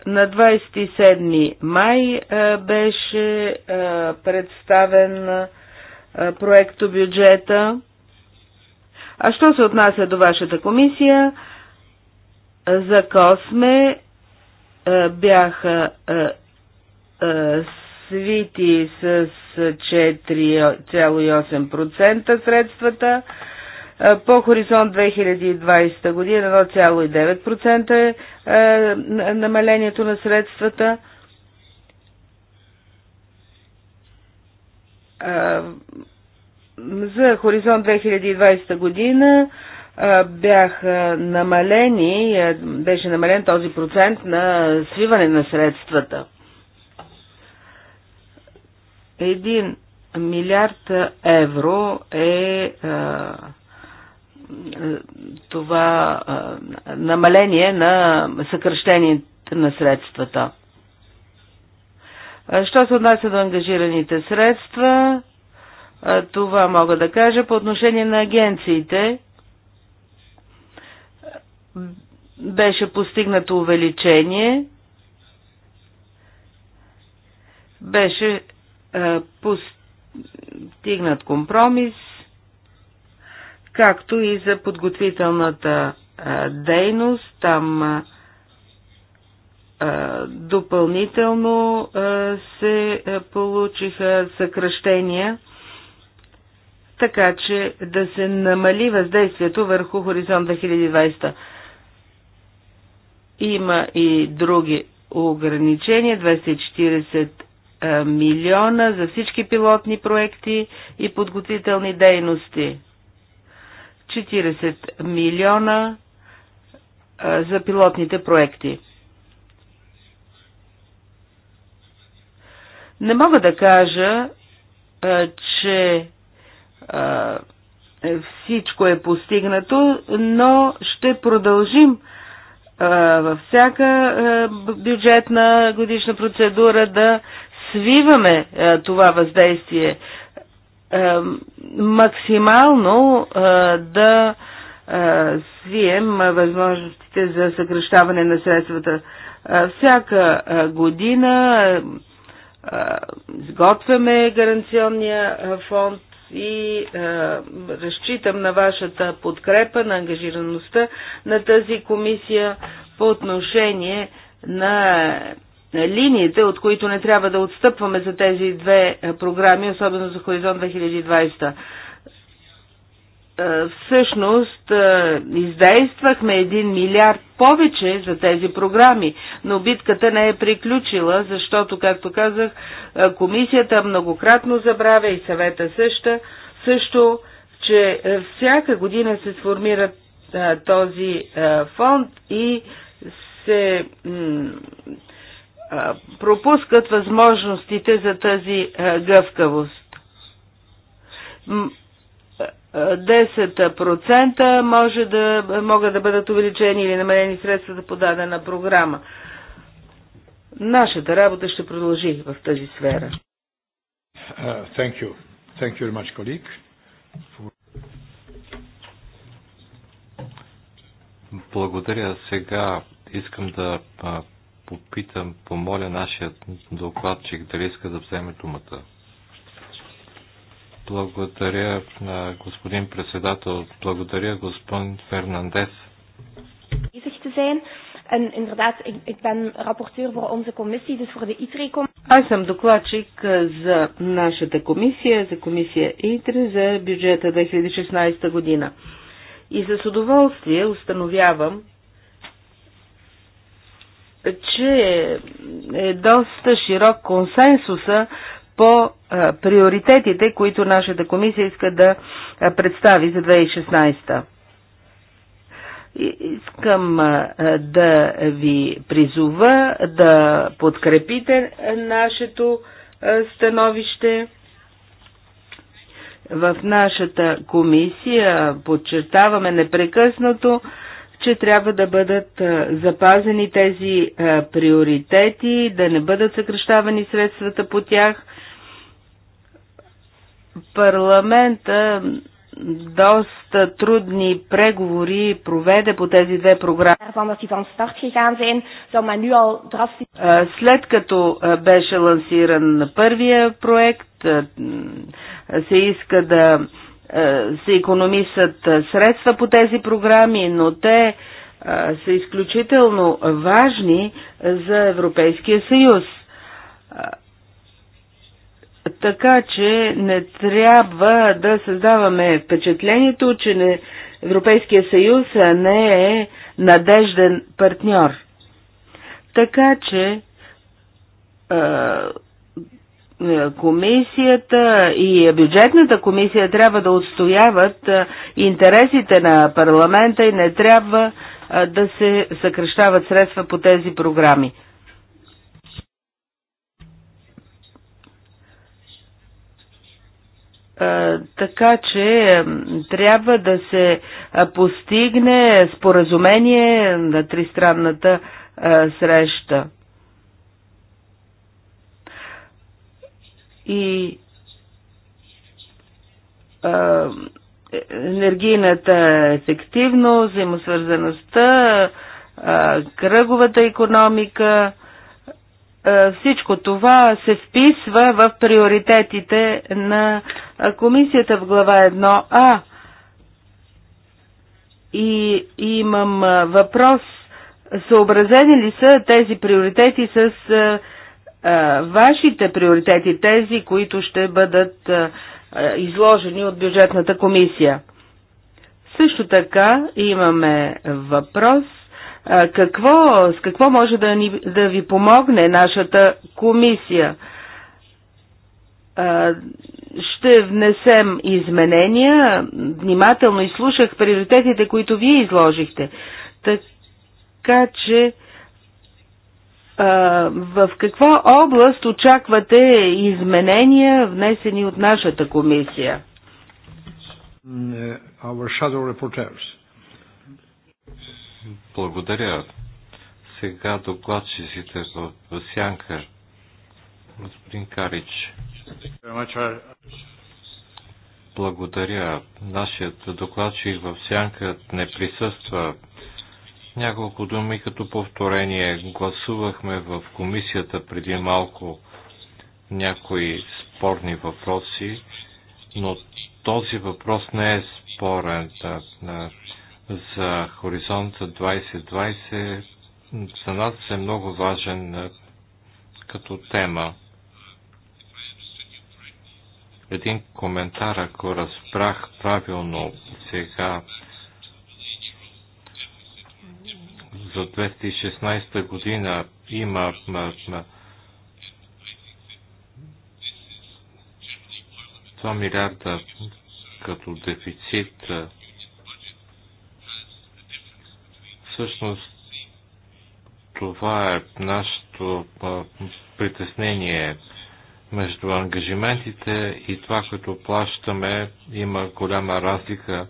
На 27 май беше представен проекто бюджета а що се отнася до вашата комисия, за Косме е, бяха е, е, свити с 4,8% средствата, по хоризонт 2020 година 1,9% е намалението на средствата. За Хоризонт 2020 година бяха намалени, беше намален този процент на свиване на средствата. Един милиард евро е това намаление на съкръщението на средствата. Що се отнася до ангажираните средства, това мога да кажа по отношение на агенциите. Беше постигнато увеличение. Беше постигнат компромис, както и за подготвителната дейност. Там допълнително се получиха съкръщения – така че да се намали въздействието върху Хоризонт 2020. Има и други ограничения, 240 милиона за всички пилотни проекти и подготвителни дейности. 40 милиона за пилотните проекти. Не мога да кажа, че всичко е постигнато, но ще продължим във всяка бюджетна годишна процедура да свиваме това въздействие максимално да свием възможностите за съкръщаване на средствата. Всяка година сготвяме гаранционния фонд и а, е, разчитам на вашата подкрепа, на ангажираността на тази комисия по отношение на линиите, от които не трябва да отстъпваме за тези две е, програми, особено за Хоризонт 2020. Е, всъщност е, издействахме 1 милиард повече за тези програми, но битката не е приключила, защото, както казах, е, комисията многократно забравя и съвета също, също че всяка година се сформира този фонд и се пропускат възможностите за тази гъвкавост 10% може да, могат да бъдат увеличени или намерени средства за подадена програма. Нашата работа ще продължи в тази сфера. Uh, thank you. Thank you very much, colleague. For... Благодаря. Сега искам да попитам, помоля нашия докладчик дали иска да вземе думата. Благодаря на господин председател, благодаря господин Фернандес. Аз съм докладчик е, за нашата комисия, за комисия ИТРИ за бюджета 2016 година. И с удоволствие установявам, че е доста широк консенсуса по приоритетите, които нашата комисия иска да представи за 2016. Искам да ви призова да подкрепите нашето становище. В нашата комисия подчертаваме непрекъснато, че трябва да бъдат запазени тези приоритети, да не бъдат съкръщавани средствата по тях – парламента доста трудни преговори проведе по тези две програми. След като беше лансиран първия проект, се иска да се економисат средства по тези програми, но те са изключително важни за Европейския съюз. Така че не трябва да създаваме впечатлението, че не, Европейския съюз не е надежден партньор. Така че комисията и бюджетната комисия трябва да отстояват интересите на парламента и не трябва да се съкрещават средства по тези програми. така че трябва да се постигне споразумение на тристранната среща. И енергийната ефективност, взаимосвързаността, кръговата економика – е, всичко това се вписва в приоритетите на е, комисията в глава 1А. И имам е, въпрос, съобразени ли са тези приоритети с вашите приоритети, тези, които ще бъдат изложени от бюджетната комисия? Също така имаме въпрос какво, с какво може да, ни, да ви помогне нашата комисия? ще внесем изменения. Внимателно изслушах приоритетите, които вие изложихте. Така че в каква област очаквате изменения, внесени от нашата комисия? Е, our shadow reporters. Благодаря. Сега докладчиците в Сянка. Господин Карич. Благодаря. Нашият докладчик в Сянка не присъства. Няколко думи като повторение. Гласувахме в комисията преди малко някои спорни въпроси, но този въпрос не е спорен. Да, да за Хоризонт 2020 за нас е много важен е, като тема. Един коментар, ако разбрах правилно сега за 2016 година има на 2 милиарда като дефицит е, Всъщност това е нашето притеснение между ангажиментите и това, което плащаме, има голяма разлика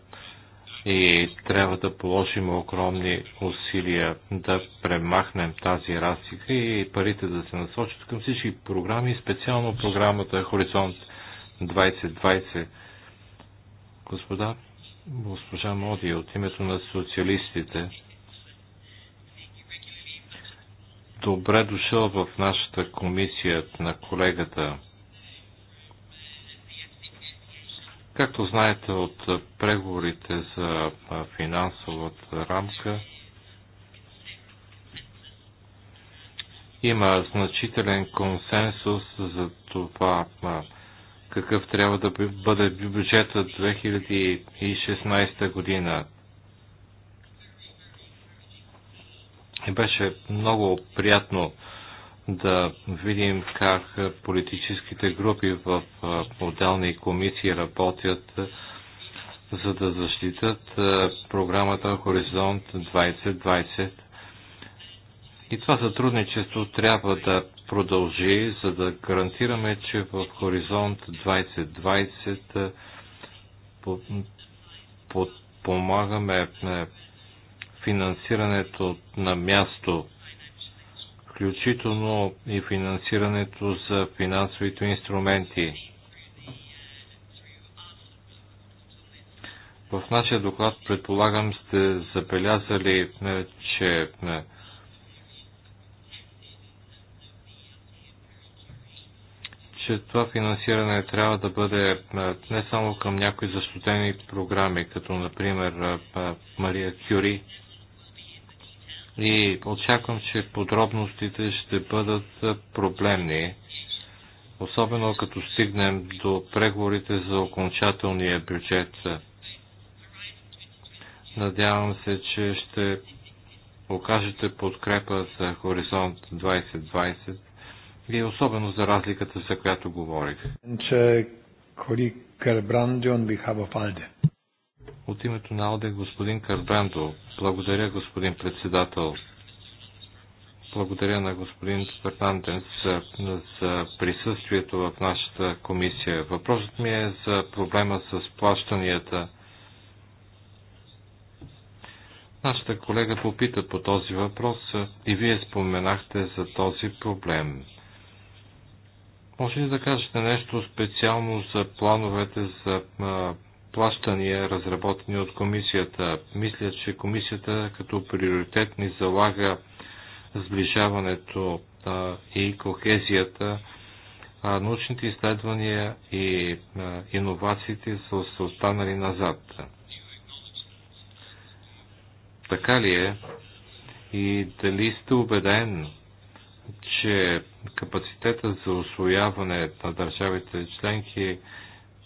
и трябва да положим огромни усилия да премахнем тази разлика и парите да се насочат към всички програми, специално програмата Хоризонт 2020. Господа, госпожа Моди, от името на социалистите, добре дошъл в нашата комисия на колегата. Както знаете от преговорите за финансовата рамка, има значителен консенсус за това какъв трябва да бъде бюджетът 2016 година. И беше много приятно да видим как политическите групи в отделни комисии работят за да защитат програмата Хоризонт 2020. И това сътрудничество трябва да продължи, за да гарантираме, че в Хоризонт 2020 подпомагаме финансирането на място, включително и финансирането за финансовите инструменти. В нашия доклад предполагам сте забелязали, е, че е, че това финансиране трябва да бъде е, не само към някои защитени програми, като например Мария Кюри, и очаквам, че подробностите ще бъдат проблемни, особено като стигнем до преговорите за окончателния бюджет. Надявам се, че ще окажете подкрепа за Хоризонт 2020 и особено за разликата, за която говорих. От името на Алде господин Карбендо. Благодаря, господин председател. Благодаря на господин Фернандес за, за присъствието в нашата комисия. Въпросът ми е за проблема с плащанията. Нашата колега попита по този въпрос и вие споменахте за този проблем. Може ли да кажете нещо специално за плановете за плащания, разработени от комисията. Мисля, че комисията като приоритет ни залага сближаването а, и кохезията, а научните изследвания и а, иновациите са, са останали назад. Така ли е? И дали сте убеден, че капацитета за освояване на държавите членки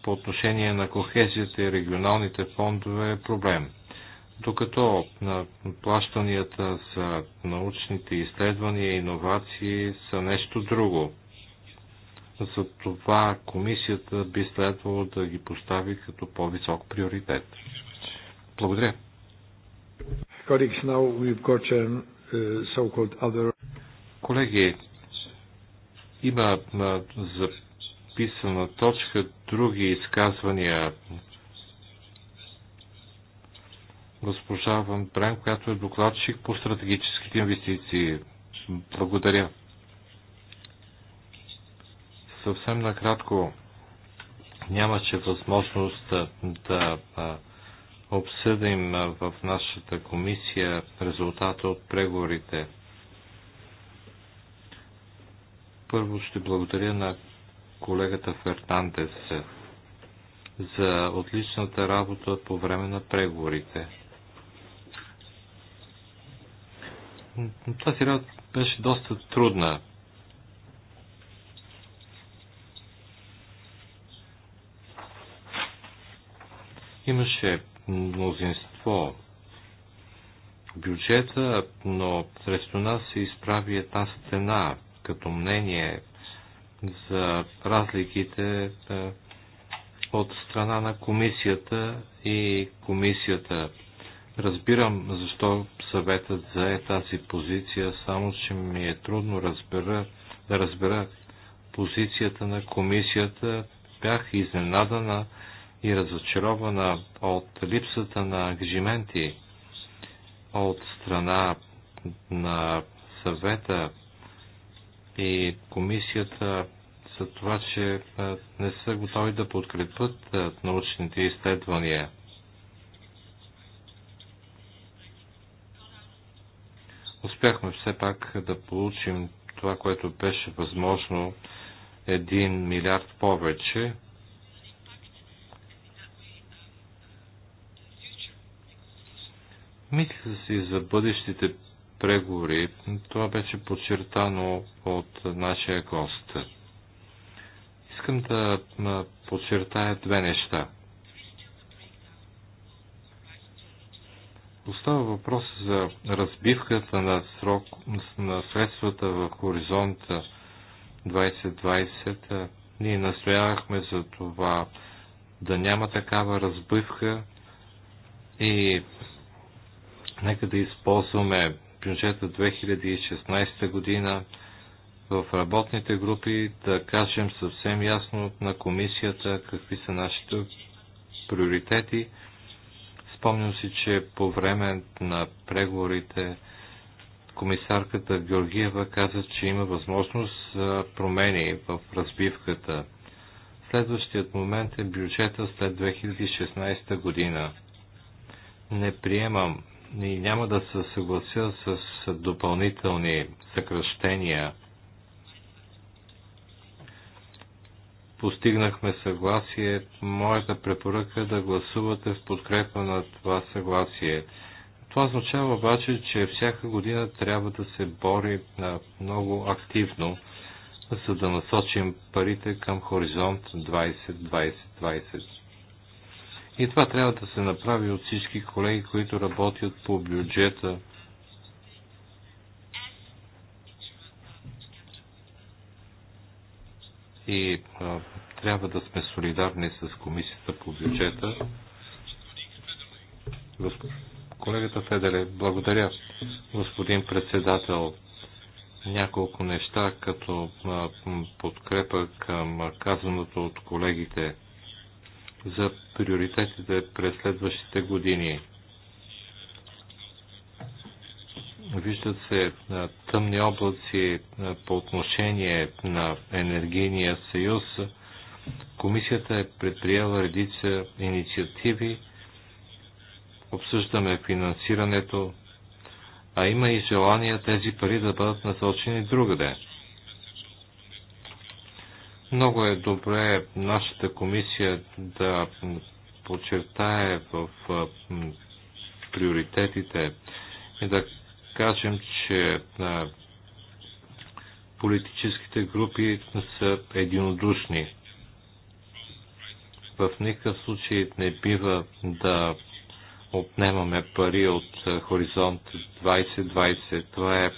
по отношение на кохезията и регионалните фондове е проблем. Докато на плащанията за научните изследвания и иновации са нещо друго. За това комисията би следвало да ги постави като по-висок приоритет. Благодаря. Um, uh, Колеги, има за записана точка, други изказвания. Госпожа Ван Брен, която е докладчик по стратегическите инвестиции. Благодаря. Съвсем накратко нямаше възможност да обсъдим в нашата комисия резултата от преговорите. Първо ще благодаря на колегата Фертантес за отличната работа по време на преговорите. Тази работа беше доста трудна. Имаше мнозинство бюджета, но срещу нас се изправи една стена като мнение за разликите от страна на комисията и комисията. Разбирам защо съветът зае тази позиция, само че ми е трудно разбера, да разбера позицията на комисията. Бях изненадана и разочарована от липсата на ангажименти от страна на съвета и комисията за това, че не са готови да подкрепят научните изследвания. Успяхме все пак да получим това, което беше възможно, 1 милиард повече. Мисля си за бъдещите преговори. Това беше подчертано от нашия гост. Искам да подчертая две неща. Остава въпрос за разбивката на, срок, на средствата в хоризонта 2020. Ние настоявахме за това да няма такава разбивка и нека да използваме бюджета 2016 година в работните групи да кажем съвсем ясно на комисията какви са нашите приоритети. Спомням си, че по време на преговорите комисарката Георгиева каза, че има възможност за промени в разбивката. Следващият момент е бюджета след 2016 година. Не приемам и няма да се съглася с допълнителни съкръщения. Постигнахме съгласие. Моята препоръка е да гласувате в подкрепа на това съгласие. Това означава обаче, че всяка година трябва да се бори много активно, за да насочим парите към хоризонт 2020. 20 20 и това трябва да се направи от всички колеги, които работят по бюджета. И а, трябва да сме солидарни с комисията по бюджета. Госп... Колегата Федере, благодаря, господин председател. Няколко неща като подкрепа към казаното от колегите за приоритетите през следващите години. Виждат се тъмни облаци по отношение на енергийния съюз. Комисията е предприела редица инициативи. Обсъждаме финансирането, а има и желание тези пари да бъдат насочени другаде. Много е добре нашата комисия да подчертае в приоритетите и да кажем, че политическите групи са единодушни. В никакъв случай не бива да отнемаме пари от хоризонт 2020. Това е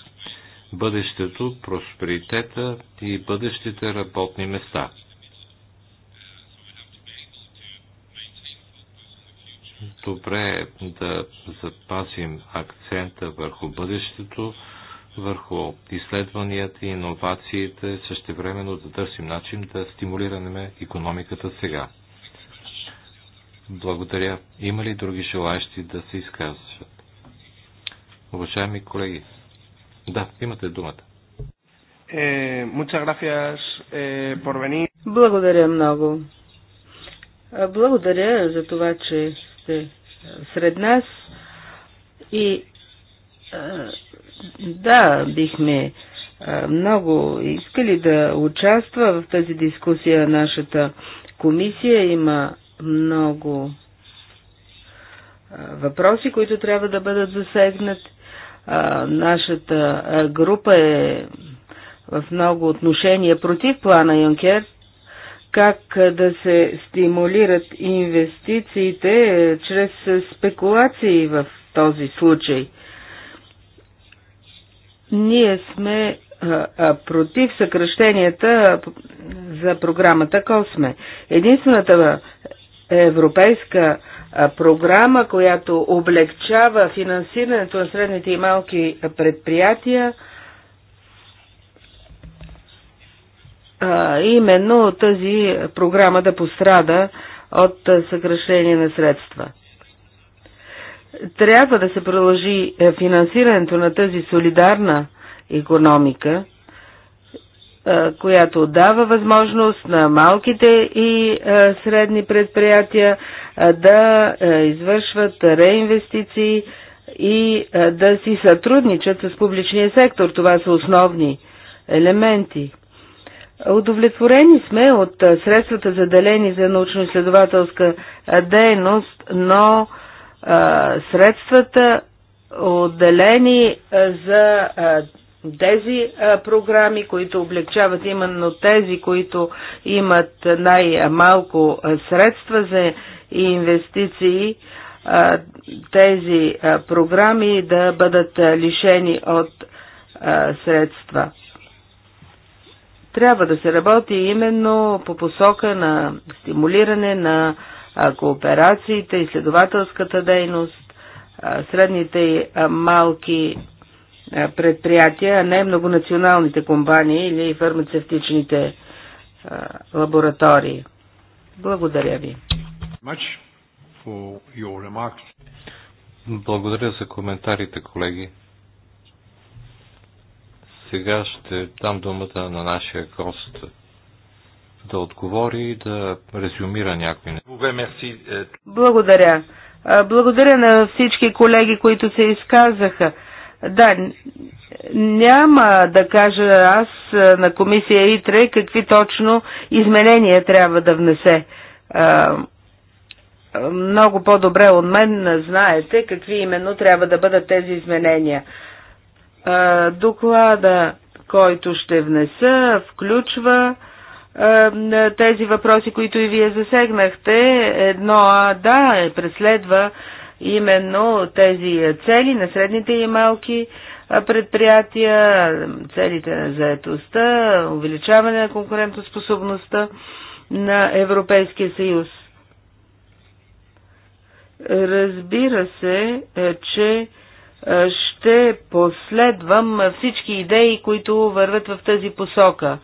бъдещето, просперитета и бъдещите работни места. Добре е да запазим акцента върху бъдещето, върху изследванията и иновациите, същевременно да търсим начин да стимулираме економиката сега. Благодаря. Има ли други желаящи да се изказват? Уважаеми колеги, да, имате думата. Е, графиас, е, порвени. Благодаря много. Благодаря за това, че сте е, сред нас и е, да, бихме е, много искали да участва в тази дискусия нашата комисия. Има много въпроси, които трябва да бъдат засегнати. Нашата група е в много отношения против плана Юнкер, как да се стимулират инвестициите е, чрез спекулации в този случай. Ние сме против съкръщенията за програмата Косме. Единствената европейска програма, която облегчава финансирането на средните и малки предприятия, именно тази програма да пострада от съкръщение на средства. Трябва да се продължи е, финансирането на тази солидарна економика – която дава възможност на малките и средни предприятия да извършват реинвестиции и да си сътрудничат с публичния сектор. Това са основни елементи. Удовлетворени сме от средствата заделени за научно-изследователска дейност, но средствата отделени за тези програми, които облегчават именно тези, които имат най-малко средства за инвестиции, тези програми да бъдат лишени от средства. Трябва да се работи именно по посока на стимулиране на кооперациите, изследователската дейност, средните и малки е, предприятия, а не многонационалните компании или фармацевтичните е, лаборатории. Благодаря ви. Благодаря за коментарите, колеги. Сега ще дам думата на нашия гост да отговори и да резюмира някои неща. Е, благодаря. Благодаря на всички колеги, които се изказаха. Да, няма да кажа аз на комисия ИТРЕ какви точно изменения трябва да внесе. Много по-добре от мен знаете какви именно трябва да бъдат тези изменения. Доклада, който ще внеса, включва тези въпроси, които и вие засегнахте. Едно, а да, е, преследва именно тези цели на средните и малки предприятия, целите на заетостта, увеличаване на конкурентоспособността на Европейския съюз. Разбира се, е, че е, ще последвам всички идеи, които върват в тази посока.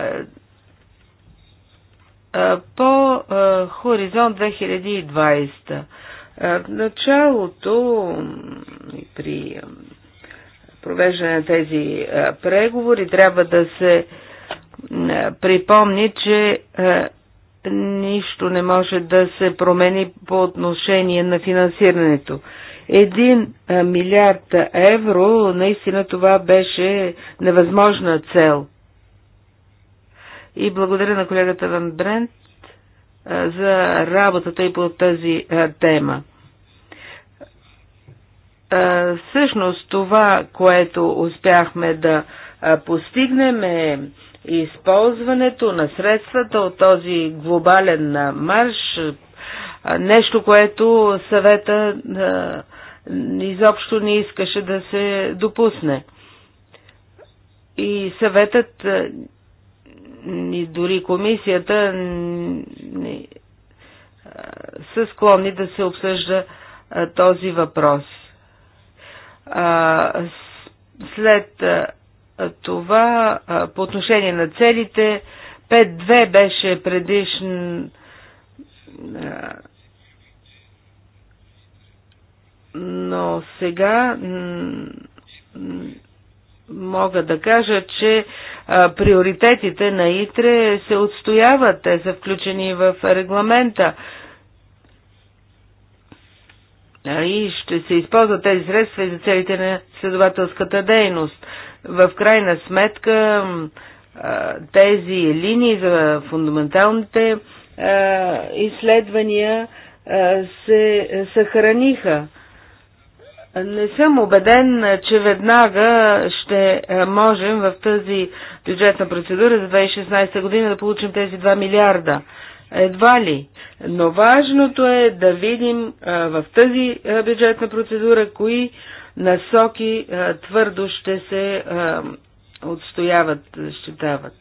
Е, по Хоризонт 2020. В началото при провеждане на тези преговори трябва да се припомни, че нищо не може да се промени по отношение на финансирането. Един милиард евро, наистина това беше невъзможна цел – и благодаря на колегата Ван Брент за работата и по тази тема. Всъщност това, което успяхме да постигнем е използването на средствата от този глобален марш, нещо, което съвета изобщо не искаше да се допусне. И съветът и дори комисията са склонни да се обсъжда този въпрос. След това, по отношение на целите, 5-2 беше предишн но сега мога да кажа, че а, приоритетите на ИТРЕ се отстояват, те са включени в регламента и ще се използват тези средства и за целите на следователската дейност. В крайна сметка тези линии за фундаменталните изследвания се съхраниха. Не съм убеден, че веднага ще е, можем в тази бюджетна процедура за 2016 година да получим тези 2 милиарда. Едва ли. Но важното е да видим е, в тази е, бюджетна процедура кои насоки твърдо ще се отстояват, защитават.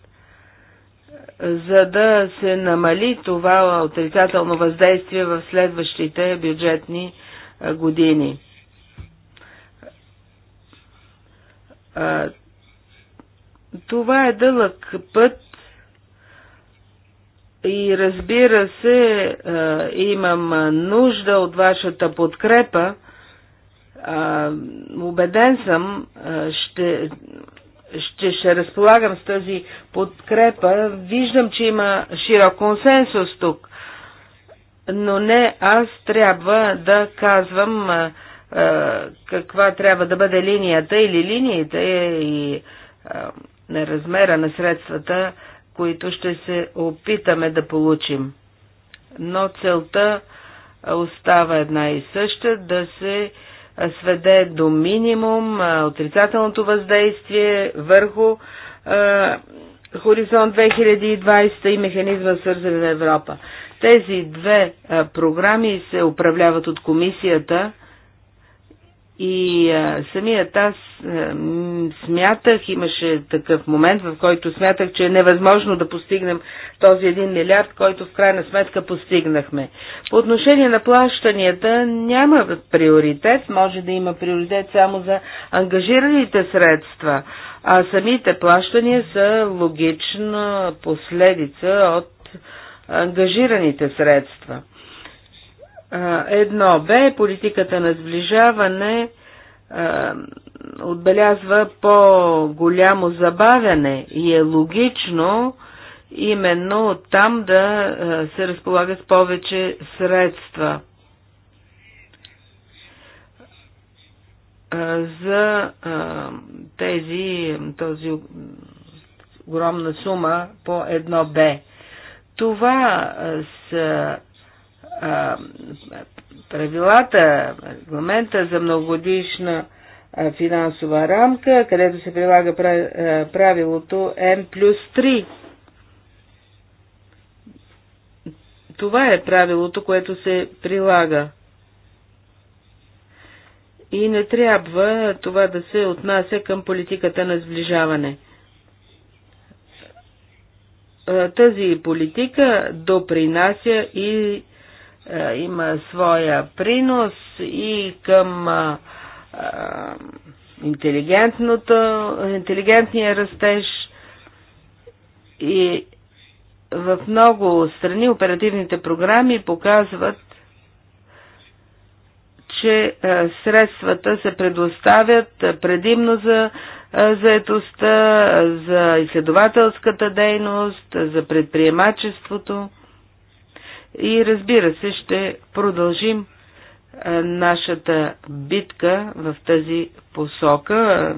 За да се намали това отрицателно въздействие в следващите бюджетни години. А, това е дълъг път и разбира се, а, имам нужда от вашата подкрепа. А, убеден съм, а, ще, ще, ще разполагам с тази подкрепа. Виждам, че има широк консенсус тук, но не аз трябва да казвам. А, е, каква трябва да бъде линията или линиите и е, на размера на средствата, които ще се опитаме да получим. Но целта е, остава една и съща да се сведе до минимум отрицателното въздействие върху Хоризонт 2020 и механизма свързане на Европа. Тези две програми се управляват от комисията и а, самият аз а, смятах, имаше такъв момент, в който смятах, че е невъзможно да постигнем този един милиард, който в крайна сметка постигнахме. По отношение на плащанията няма приоритет, може да има приоритет само за ангажираните средства, а самите плащания са логична последица от ангажираните средства. Едно бе, политиката на сближаване отбелязва по-голямо забавяне и е логично именно там да се разполага с повече средства. за тези, този огромна сума по едно Б. Това са правилата, регламента за многогодишна финансова рамка, където се прилага правилото N плюс 3. Това е правилото, което се прилага. И не трябва това да се отнася към политиката на сближаване. Тази политика допринася и е, има своя принос и към интелигентния растеж и в много страни оперативните програми показват, че средствата се предоставят предимно за заетостта, за изследователската дейност, за предприемачеството. И разбира се, ще продължим нашата битка в тази посока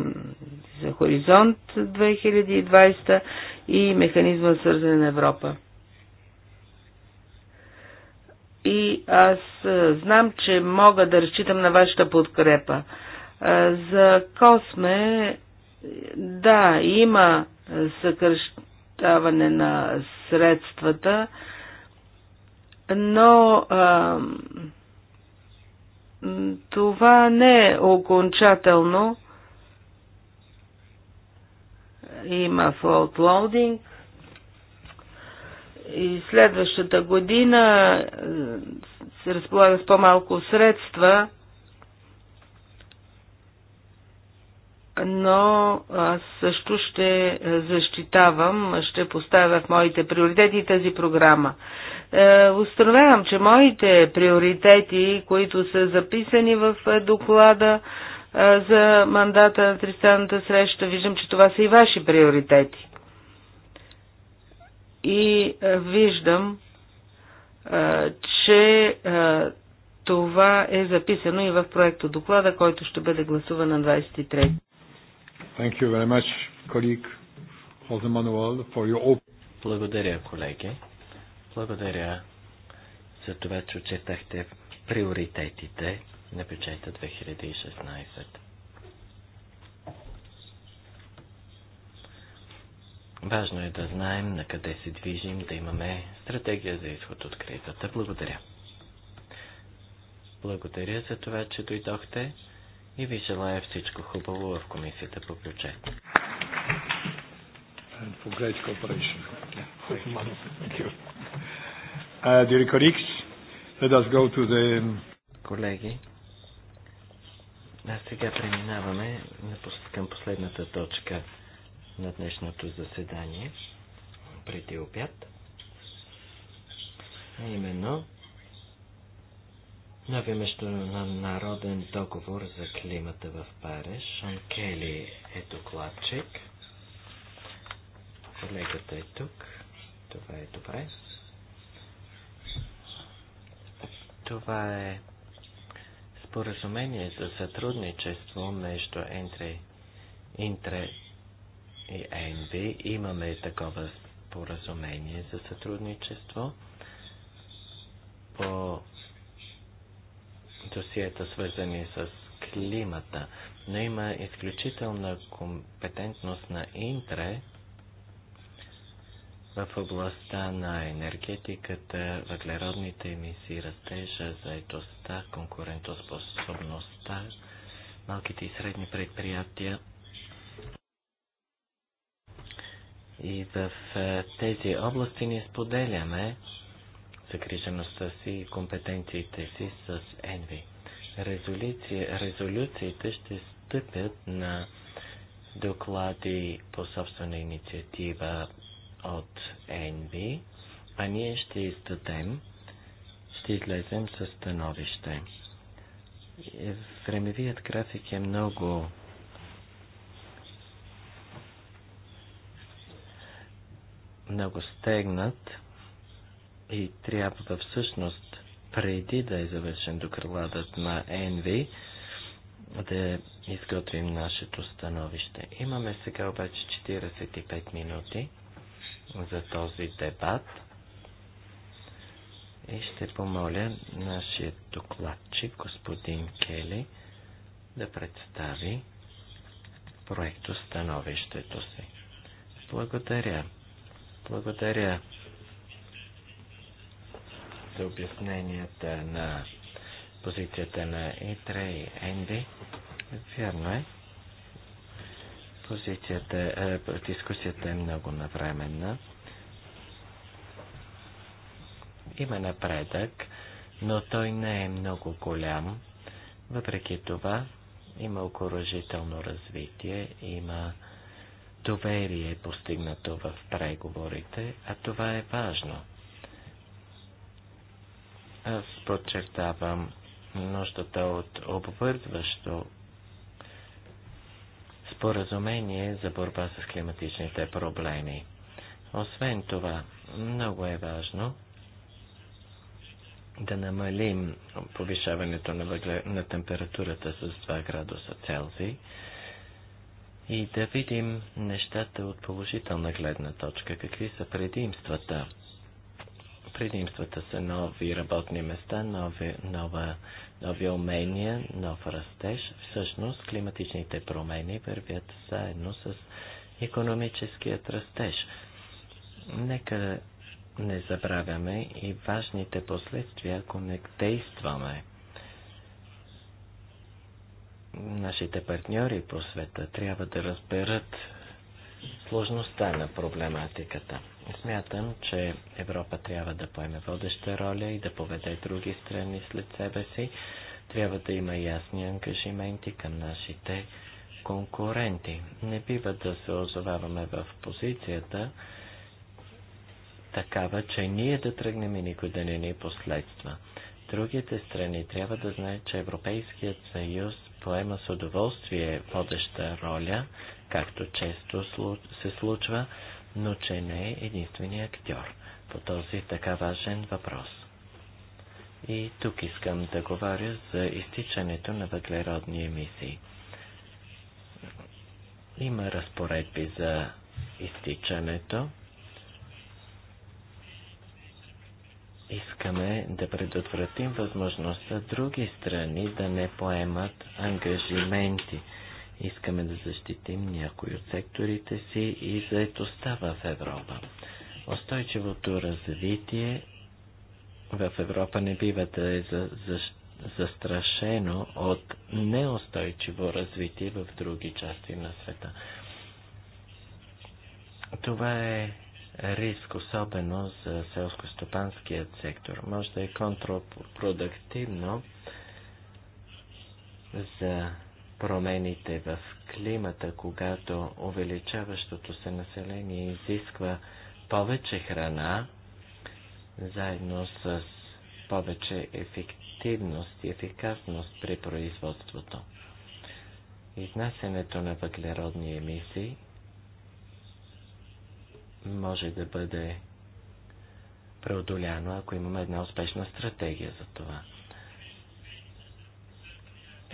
за Хоризонт 2020 и механизма свързане на Европа. И аз знам, че мога да разчитам на вашата подкрепа. За Косме, да, има съкръщаване на средствата, но а, това не е окончателно. Има фолтлоудинг и следващата година се разполага с по-малко средства, но аз също ще защитавам, ще поставя в моите приоритети тази програма. Е, установявам, че моите приоритети, които са записани в е, доклада е, за мандата на тристранната среща, виждам, че това са и ваши приоритети. И виждам, че това е записано и в проекта доклада, който ще бъде гласуван на 23. Thank you very much, colleague Jose Manuel, for your... Благодаря, колеги благодаря за това, че очетахте приоритетите на бюджета 2016. Важно е да знаем на къде се движим, да имаме стратегия за изход от кризата. Благодаря. Благодаря за това, че дойдохте и ви желая всичко хубаво в комисията по бюджет and for great cooperation. Thank you. Uh, dear colleagues, let us go to the... Um, Колеги, а сега преминаваме към последната точка на днешното заседание преди обяд. А именно новия международен договор за климата в Париж. Шон Кели е докладчик. Колегата е тук. Това е добре. Това е споразумение за сътрудничество между Ентре, Интре и ЕНВИ. Имаме такова споразумение за сътрудничество по досията свързани с климата, но има изключителна компетентност на Интре в областта на енергетиката, въглеродните емисии, растежа, заедостта, конкурентоспособността, малките и средни предприятия. И в е, тези области ние споделяме загрижеността си и компетенциите си с ЕНВИ. резолюциите ще стъпят на доклади по собствена инициатива от ЕНБ, а ние ще издадем, ще излезем със становище. Е, времевият график е много много стегнат и трябва всъщност преди да е завършен крилатът на ЕНВИ, да изготвим нашето становище. Имаме сега обаче 45 минути за този дебат и ще помоля нашия докладчик, господин Кели, да представи проекто становището си. Благодаря. Благодаря за обясненията на позицията на ИТРА и ЕНДИ. Вярно е. Позицията, е, е, дискусията е много навременна. Има напредък, но той не е много голям. Въпреки това, има окоръжително развитие, има доверие постигнато в преговорите, а това е важно. Аз подчертавам нуждата от обвързващо споразумение за борба с климатичните проблеми. Освен това, много е важно да намалим повишаването на, въгле... на температурата с 2 градуса Целзий и да видим нещата от положителна гледна точка, какви са предимствата Предимствата са нови работни места, нови, нова, нови умения, нов растеж. Всъщност климатичните промени вървят заедно с економическият растеж. Нека не забравяме и важните последствия, ако не действаме. Нашите партньори по света трябва да разберат сложността на проблематиката. Смятам, че Европа трябва да поеме водеща роля и да поведе други страни след себе си. Трябва да има ясни ангажименти към нашите конкуренти. Не бива да се озоваваме в позицията такава, че ние да тръгнем и никой да не ни последства. Другите страни трябва да знаят, че Европейският съюз поема с удоволствие водеща роля, както често се случва, но че не е единствения актьор по този така важен въпрос. И тук искам да говоря за изтичането на въглеродни емисии. Има разпоредби за изтичането. Искаме да предотвратим възможността други страни да не поемат ангажименти – Искаме да защитим някои от секторите си и заедостта в Европа. Устойчивото развитие в Европа не бива да е за, за, застрашено от неустойчиво развитие в други части на света. Това е риск, особено за селско-стопанският сектор. Може да е контрпродуктивно за промените в климата, когато увеличаващото се население изисква повече храна, заедно с повече ефективност и ефикасност при производството. Изнасянето на въглеродни емисии може да бъде преодоляно, ако имаме една успешна стратегия за това.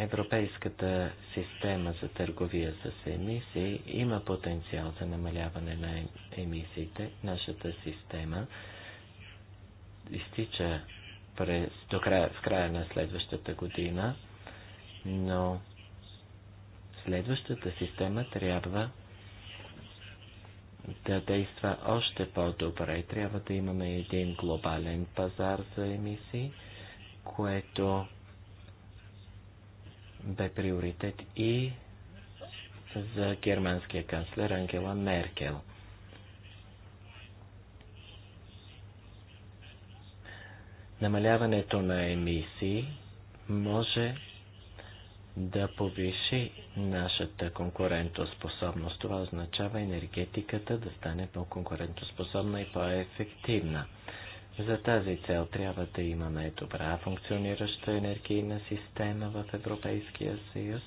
Европейската система за търговия с емисии има потенциал за намаляване на емисиите. Нашата система изтича през, до края, в края на следващата година, но следващата система трябва да действа още по-добре. Трябва да имаме един глобален пазар за емисии, което бе приоритет и за германския канцлер Ангела Меркел. Намаляването на емисии може да повиши нашата конкурентоспособност. Това означава енергетиката да стане по-конкурентоспособна и по-ефективна. За тази цел трябва да имаме добра функционираща енергийна система в Европейския съюз.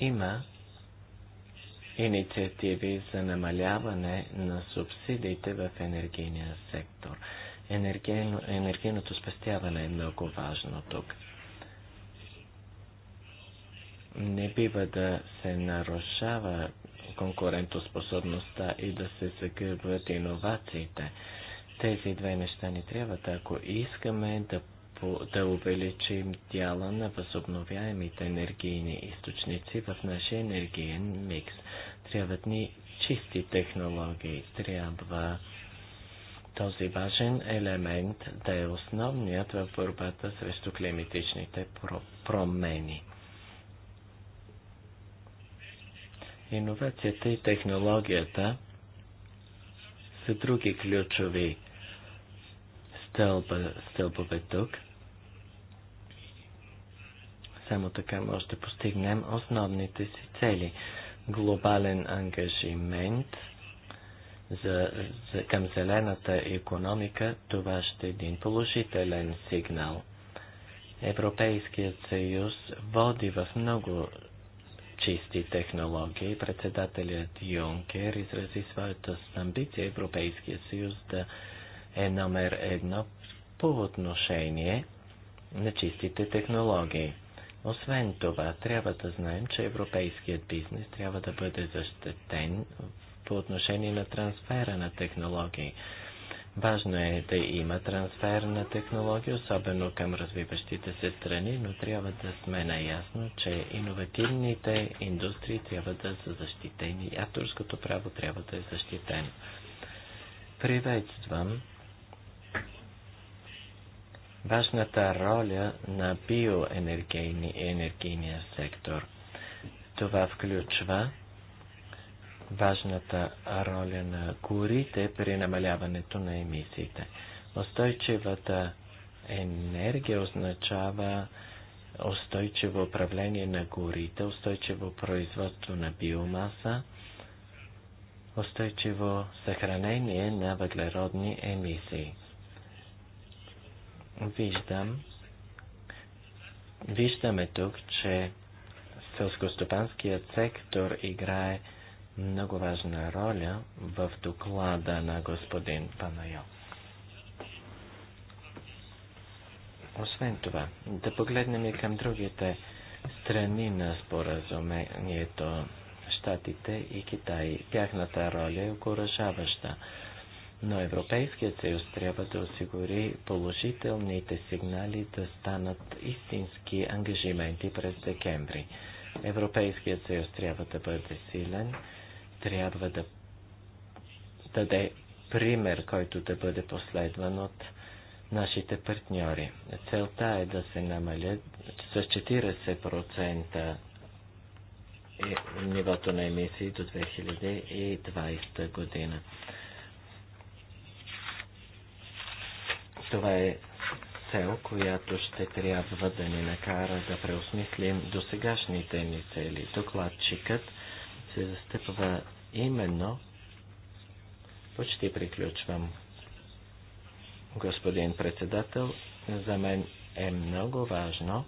Има инициативи за намаляване на субсидиите в енергийния сектор. Енергийно, енергийното спестяване е много важно тук. Не бива да се нарушава конкурентоспособността и да се загърбват иновациите. Тези две неща ни трябват, ако искаме да, да увеличим дяла на възобновяемите енергийни източници в нашия енергиен микс. Трябват ни чисти технологии, трябва този важен елемент да е основният в борбата срещу климатичните промени. Иновацията и технологията са други ключови стълба, стълбове тук. Само така може да постигнем основните си цели. Глобален ангажимент за, за, към зелената економика, това ще е един положителен сигнал. Европейският съюз води в много чисти технологии, председателят Юнкер изрази своята амбиция Европейския съюз да е номер едно по отношение на чистите технологии. Освен това, трябва да знаем, че европейският бизнес трябва да бъде защитен по отношение на трансфера на технологии. Важно е да има трансфер на технологии, особено към развиващите се страни, но трябва да сме наясно, че иновативните индустрии трябва да са защитени, Авторското право трябва да е защитено. Приветствам важната роля на биоенергийния сектор. Това включва важната роля на горите при намаляването на емисиите. Устойчивата енергия означава устойчиво управление на горите, устойчиво производство на биомаса, устойчиво съхранение на въглеродни емисии. Виждам, виждаме тук, че селскостопанският сектор играе много важна роля в доклада на господин Панайо. Освен това, да погледнем и към другите страни на споразумението Штатите и Китай. Тяхната роля е окоръжаваща. Но Европейският съюз трябва да осигури положителните сигнали да станат истински ангажименти през декември. Европейският съюз трябва да бъде силен трябва да даде пример, който да бъде последван от нашите партньори. Целта е да се намалят с 40% е нивото на емисии до 2020 година. Това е цел, която ще трябва да ни накара да преосмислим досегашните ни цели. Докладчикът се застъпва именно, почти приключвам, господин председател, за мен е много важно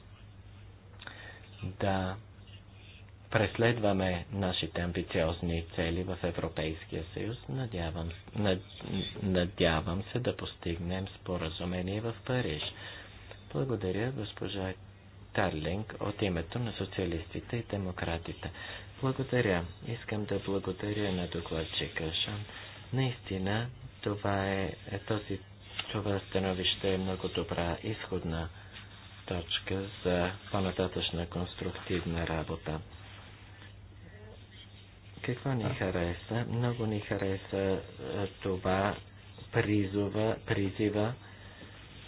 да преследваме нашите амбициозни цели в Европейския съюз. Надявам, над, надявам се да постигнем споразумение в Париж. Благодаря, госпожа Тарлинг, от името на социалистите и демократите. Благодаря. Искам да благодаря на докладчика Шан. Наистина, това е, е този, това становище е много добра изходна точка за по-нататъчна конструктивна работа. Какво ни хареса? Много ни хареса е, това призова, призива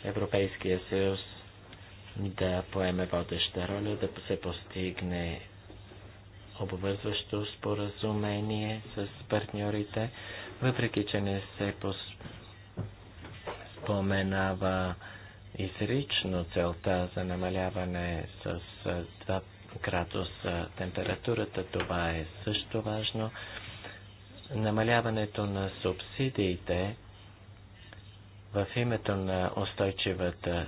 Европейския съюз да поеме водеща роля, да се постигне обвързващо споразумение с партньорите, въпреки че не се споменава изрично целта за намаляване с 2 градуса температурата. Това е също важно. Намаляването на субсидиите в името на устойчивата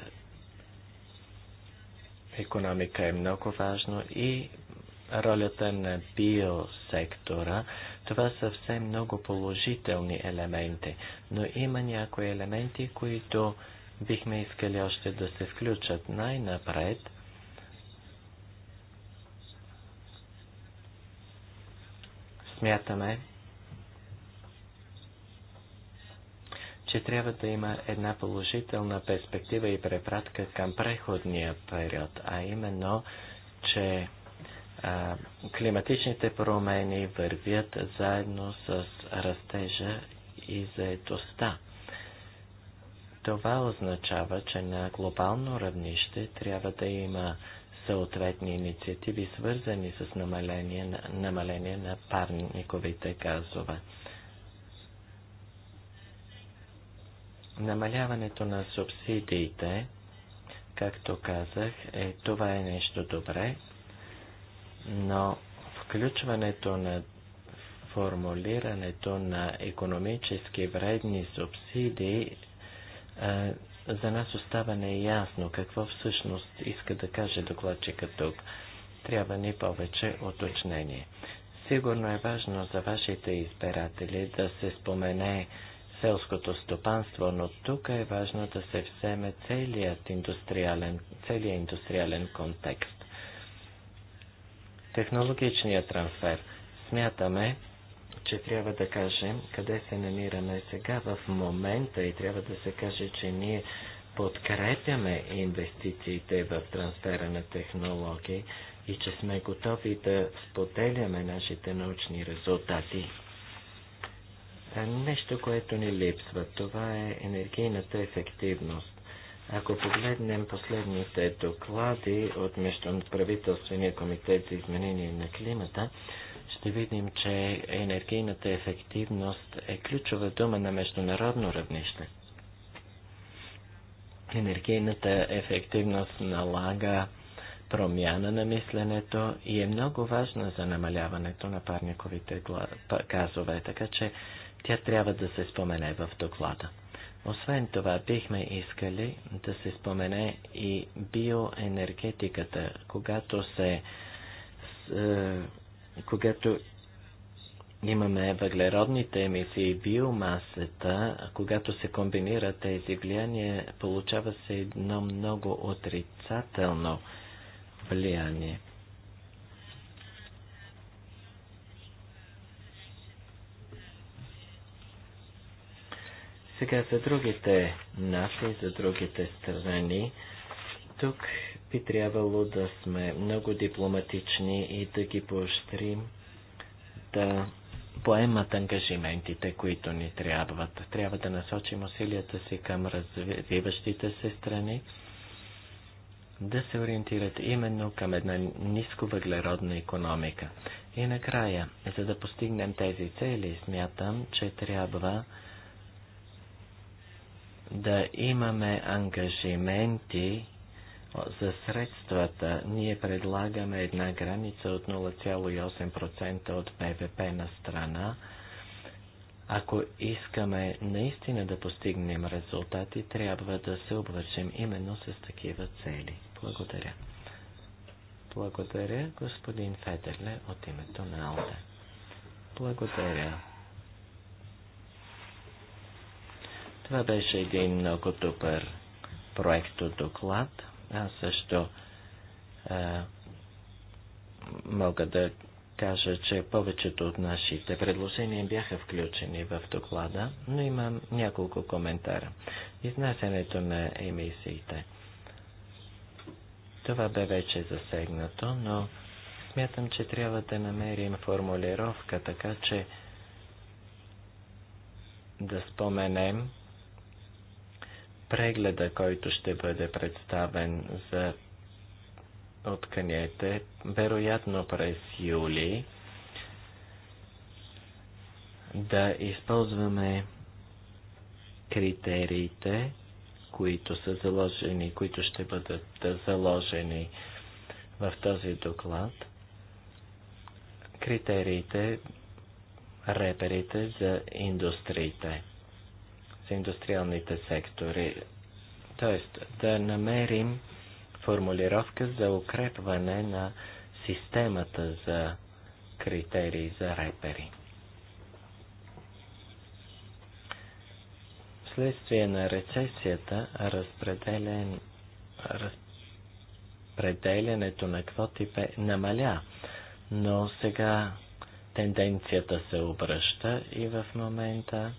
економика е много важно и ролята на биосектора. Това са все много положителни елементи, но има някои елементи, които бихме искали още да се включат най-напред. Смятаме, че трябва да има една положителна перспектива и препратка към преходния период, а именно, че климатичните промени вървят заедно с растежа и заетостта. Това означава, че на глобално равнище трябва да има съответни инициативи, свързани с намаление на, намаление на парниковите газове. Намаляването на субсидиите, както казах, е, това е нещо добре, но включването на формулирането на економически вредни субсидии е, за нас остава неясно какво всъщност иска да каже докладчика тук. Трябва ни повече уточнение. Сигурно е важно за вашите избиратели да се спомене селското стопанство, но тук е важно да се вземе целият индустриален, целият индустриален контекст. Технологичният трансфер. Смятаме, че трябва да кажем къде се намираме сега в момента и трябва да се каже, че ние подкрепяме инвестициите в трансфера на технологии и че сме готови да споделяме нашите научни резултати. Е, нещо, което ни липсва, това е енергийната ефективност. Ако погледнем последните доклади от Междуправителствения комитет за изменение на климата, ще видим, че енергийната ефективност е ключова дума на международно равнище. Енергийната ефективност налага промяна на мисленето и е много важна за намаляването на парниковите газове, така че тя трябва да се спомене в доклада. Освен това, бихме искали да се спомене и биоенергетиката, когато се е, когато имаме въглеродните емисии и биомасата, когато се комбинира тези влияния, получава се едно много отрицателно влияние. Сега за другите наши, за другите страни, тук би трябвало да сме много дипломатични и да ги поощрим да поемат ангажиментите, които ни трябват. Трябва да насочим усилията си към развиващите се страни, да се ориентират именно към една ниско въглеродна економика. И накрая, за да постигнем тези цели, смятам, че трябва да имаме ангажименти за средствата. Ние предлагаме една граница от 0,8% от ПВП на страна. Ако искаме наистина да постигнем резултати, трябва да се обвържем именно с такива цели. Благодаря. Благодаря, господин Федерле, от името на Алде. Благодаря, Това беше един много добър проект от доклад. Аз също а, мога да кажа, че повечето от нашите предложения бяха включени в доклада, но имам няколко коментара. Изнасянето на емисиите. Това бе вече засегнато, но смятам, че трябва да намерим формулировка, така че да споменем прегледа, който ще бъде представен за отканете вероятно през юли, да използваме критериите, които са заложени, които ще бъдат заложени в този доклад. Критериите, реперите за индустриите за индустриалните сектори. Тоест, да намерим формулировка за укрепване на системата за критерии за репери. Вследствие на рецесията, разпределен, разпределянето на квоти бе намаля, но сега тенденцията се обръща и в момента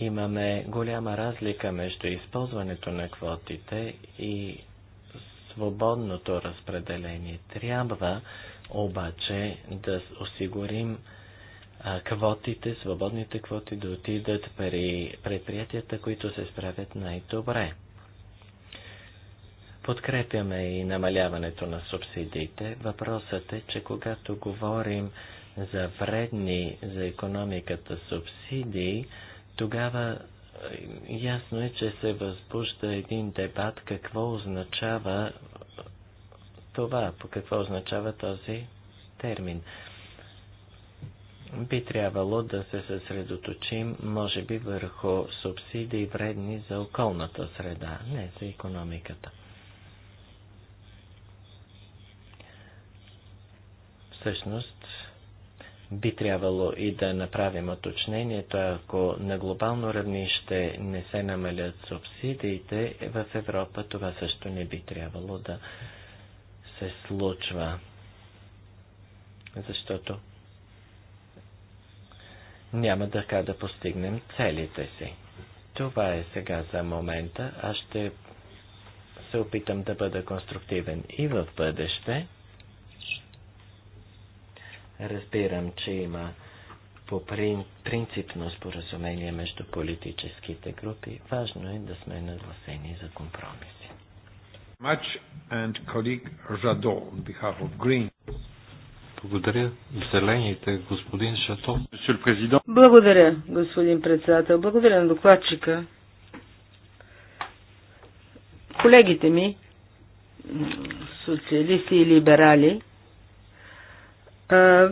Имаме голяма разлика между използването на квотите и свободното разпределение. Трябва обаче да осигурим квотите, свободните квоти да отидат при предприятията, които се справят най-добре. Подкрепяме и намаляването на субсидиите. Въпросът е, че когато говорим за вредни за економиката субсидии, тогава е, ясно е, че се възбужда един дебат какво означава това, какво означава този термин. Би трябвало да се съсредоточим, може би, върху субсидии вредни за околната среда, не за економиката. Всъщност, би трябвало и да направим уточнението, ако на глобално равнище не се намалят субсидиите, в Европа това също не би трябвало да се случва. Защото няма така да постигнем целите си. Това е сега за момента. Аз ще се опитам да бъда конструктивен и в бъдеще. Разбирам, че има по принципно споразумение между политическите групи. Важно е да сме нагласени за компромиси. Much and colleague Jadot on behalf of Green. Благодаря. Зелените, господин Шато. Благодаря, господин председател. Благодаря на докладчика. Колегите ми, социалисти и либерали,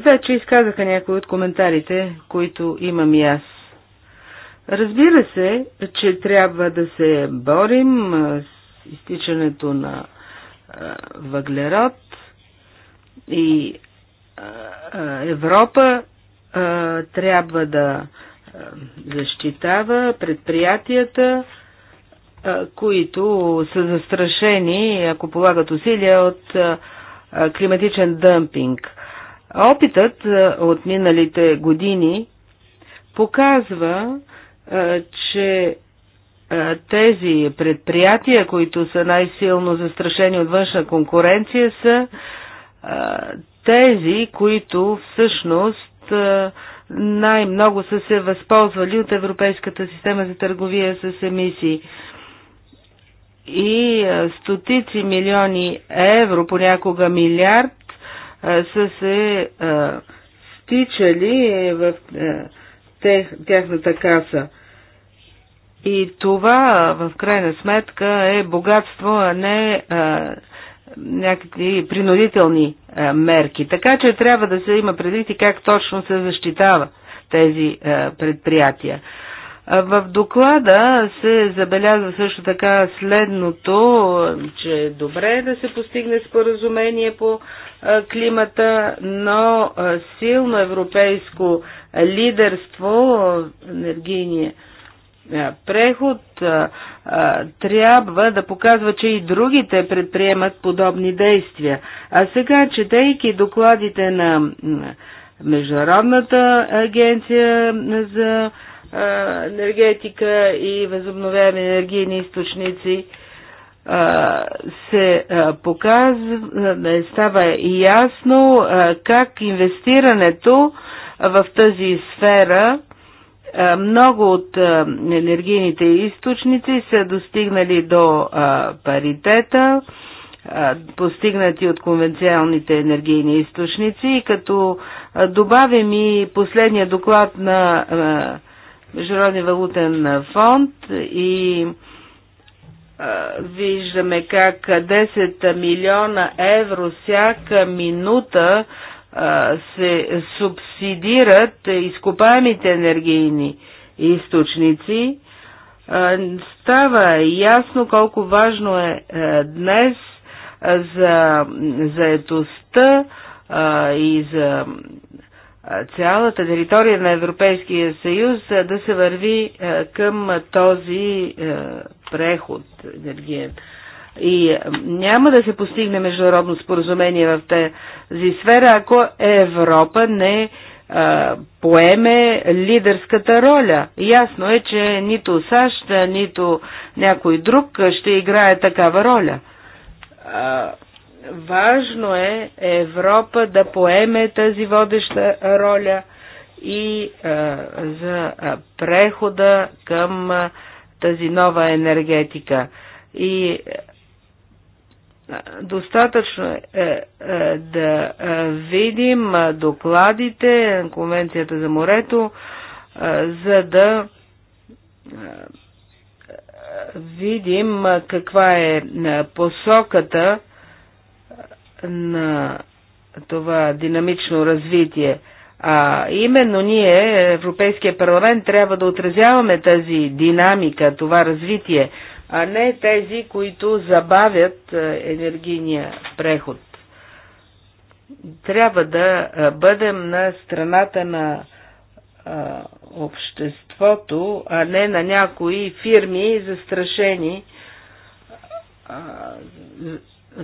вече изказаха някои от коментарите, които имам и аз. Разбира се, че трябва да се борим с изтичането на въглерод и Европа трябва да защитава предприятията, които са застрашени, ако полагат усилия от климатичен дъмпинг. Опитът е, от миналите години показва, е, че е, тези предприятия, които са най-силно застрашени от външна конкуренция, са тези, които всъщност най-много са се възползвали от Европейската система за търговия с емисии. И стотици милиони евро, понякога милиард, са се стичали е в тяхната каса. И това, в крайна сметка, е богатство, а не а, някакви принудителни а, мерки. Така че трябва да се има предвид и как точно се защитава тези а, предприятия. В доклада се забелязва също така следното, че е добре да се постигне споразумение по климата, но силно европейско лидерство, енергийния преход трябва да показва, че и другите предприемат подобни действия. А сега, четейки докладите на Международната агенция за енергетика и възобновяеми енергийни източници се показва, става ясно как инвестирането в тази сфера много от енергийните източници са достигнали до паритета, постигнати от конвенциалните енергийни източници и като добавим и последния доклад на Международния валутен фонд и виждаме как 10 милиона евро всяка минута се субсидират изкопаемите енергийни източници. Става ясно колко важно е днес за заетостта и за цялата територия на Европейския съюз да се върви към този преход енергиен. И няма да се постигне международно споразумение в тази сфера, ако Европа не поеме лидерската роля. Ясно е, че нито САЩ, нито някой друг ще играе такава роля Важно е Европа да поеме тази водеща роля и за прехода към тази нова енергетика. И достатъчно е, е, е да видим докладите на Конвенцията за морето, е, за да е, видим каква е посоката на това динамично развитие. А именно ние, Европейския парламент, трябва да отразяваме тази динамика, това развитие, а не тези, които забавят е, енергийния преход. Трябва да е, бъдем на страната на е, обществото, а не на някои фирми, застрашени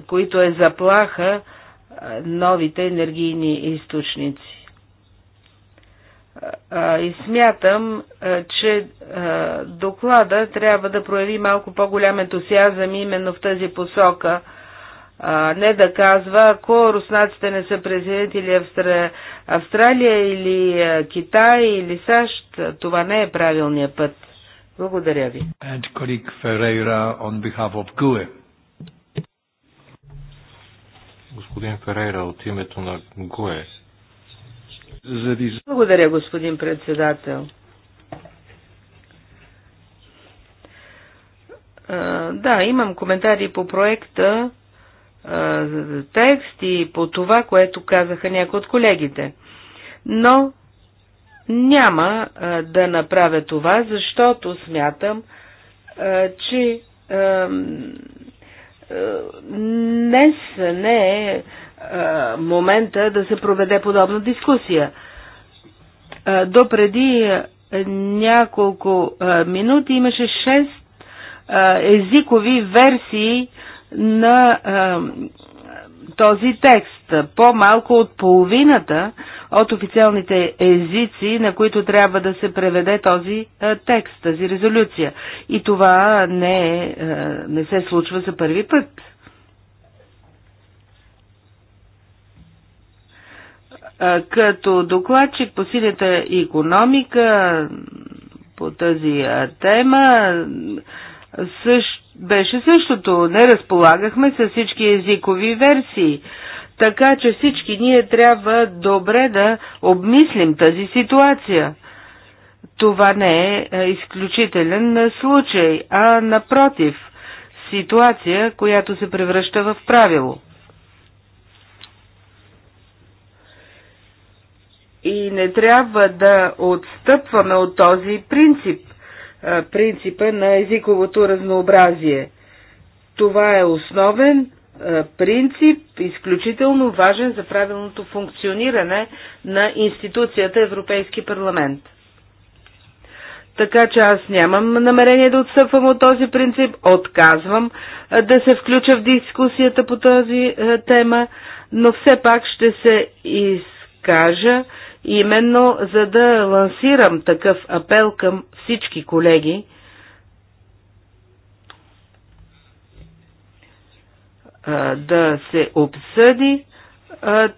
които е заплаха новите енергийни източници. И смятам, че доклада трябва да прояви малко по-голям ентусиазъм именно в тази посока, не да казва, ако руснаците не са президентили Австра... Австралия или Китай или САЩ, това не е правилният път. Благодаря ви. And господин Ферейра от името на ГОЕ. Благодаря, господин председател. да, имам коментари по проекта за текст и по това, което казаха някои от колегите. Но няма да направя това, защото смятам, че днес не е, е момента да се проведе подобна дискусия. Е, До преди няколко е, минути имаше 6 езикови версии на този текст. По-малко от половината от официалните езици, на които трябва да се преведе този текст, тази резолюция. И това не, е, не се случва за първи път. Като докладчик по синята економика по тази тема също беше същото. Не разполагахме с всички езикови версии. Така че всички ние трябва добре да обмислим тази ситуация. Това не е, е изключителен случай, а напротив, ситуация, която се превръща в правило. И не трябва да отстъпваме от този принцип – принципа на езиковото разнообразие. Това е основен принцип, изключително важен за правилното функциониране на институцията Европейски парламент. Така че аз нямам намерение да отстъпвам от този принцип, отказвам да се включа в дискусията по тази тема, но все пак ще се изкажа Именно за да лансирам такъв апел към всички колеги, да се обсъди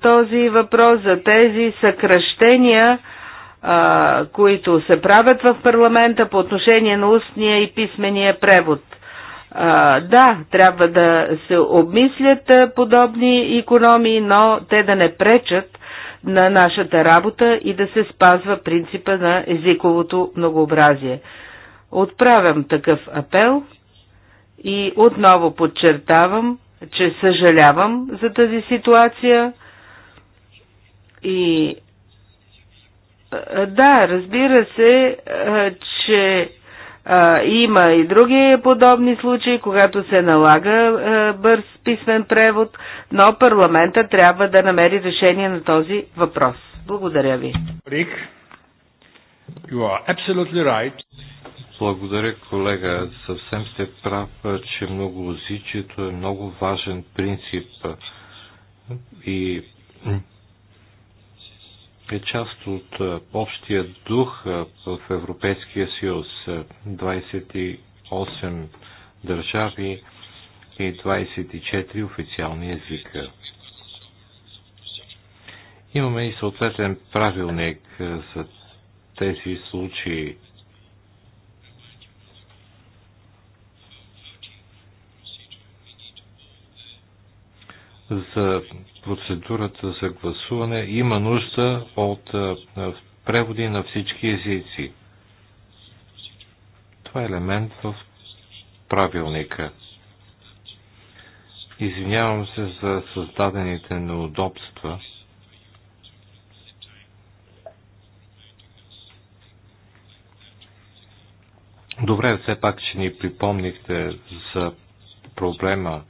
този въпрос за тези съкръщения, които се правят в парламента по отношение на устния и писмения превод. Да, трябва да се обмислят подобни економии, но те да не пречат на нашата работа и да се спазва принципа на езиковото многообразие. Отправям такъв апел и отново подчертавам, че съжалявам за тази ситуация и да, разбира се, че а, има и други подобни случаи, когато се налага а, бърз писмен превод, но парламента трябва да намери решение на този въпрос. Благодаря ви. Рик, you are absolutely right. Благодаря, колега. Съвсем сте прав, че многоозичието е много важен принцип и е част от е, общия дух е, в Европейския съюз. 28 е, държави и 24 официални езика. Имаме и съответен правилник за тези случаи за процедурата за гласуване има нужда от преводи на всички езици. Това е елемент в правилника. Извинявам се за създадените неудобства. Добре, все пак, че ни припомнихте за проблема.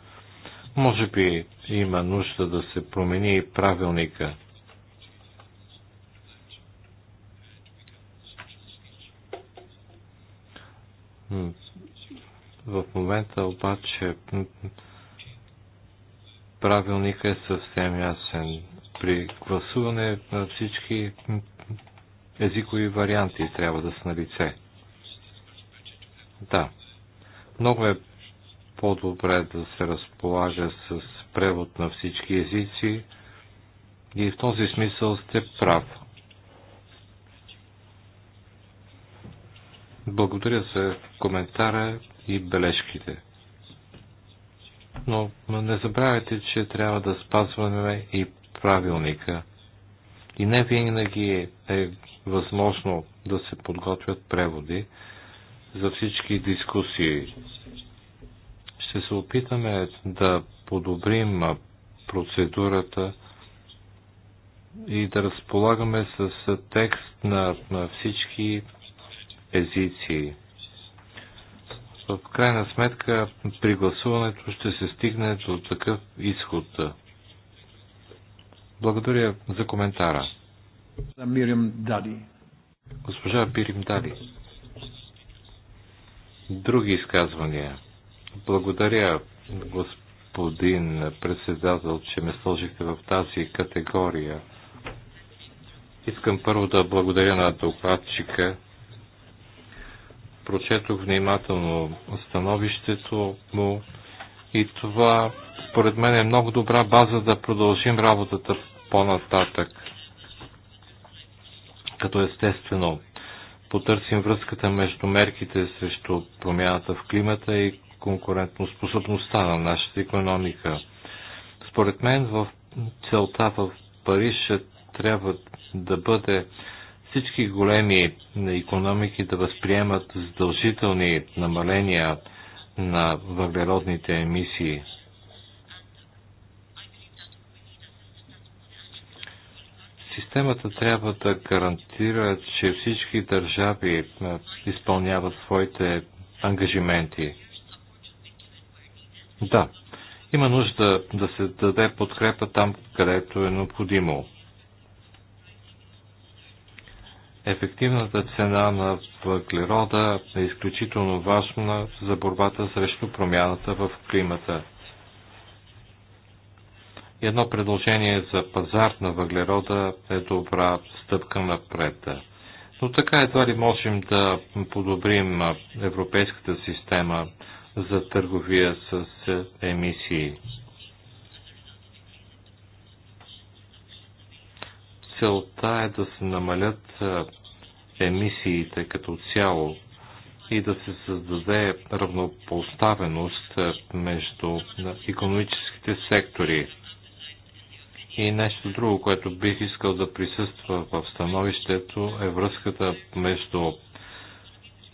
Може би има нужда да се промени и правилника. В момента обаче правилника е съвсем ясен. При гласуване на всички езикови варианти трябва да са на лице. Да, много е по-добре да се разполага с превод на всички езици и в този смисъл сте прав. Благодаря за коментара и бележките. Но не забравяйте, че трябва да спазваме и правилника. И не винаги е възможно да се подготвят преводи за всички дискусии. Ще се опитаме да подобрим процедурата и да разполагаме с текст на, на всички езици. В крайна сметка при гласуването ще се стигне до такъв изход. Благодаря за коментара. Мирим Дали. Госпожа Пирим Дали. Други изказвания. Благодаря, господин господин председател, че ме сложихте в тази категория. Искам първо да благодаря на докладчика. Прочетох внимателно становището му и това според мен е много добра база да продължим работата по-нататък. Като естествено потърсим връзката между мерките срещу промяната в климата и конкурентоспособността на нашата економика. Според мен в целта в Париж трябва да бъде всички големи економики да възприемат задължителни намаления на въглеродните емисии. Системата трябва да гарантира, че всички държави изпълняват своите ангажименти. Да, има нужда да се даде подкрепа там, където е необходимо. Ефективната цена на въглерода е изключително важна за борбата срещу промяната в климата. Едно предложение за пазар на въглерода е добра стъпка напред. Но така едва ли можем да подобрим европейската система за търговия с е, емисии. Целта е да се намалят е, емисиите като цяло и да се създаде равнопоставеност е, между економическите сектори. И нещо друго, което бих искал да присъства в становището е връзката между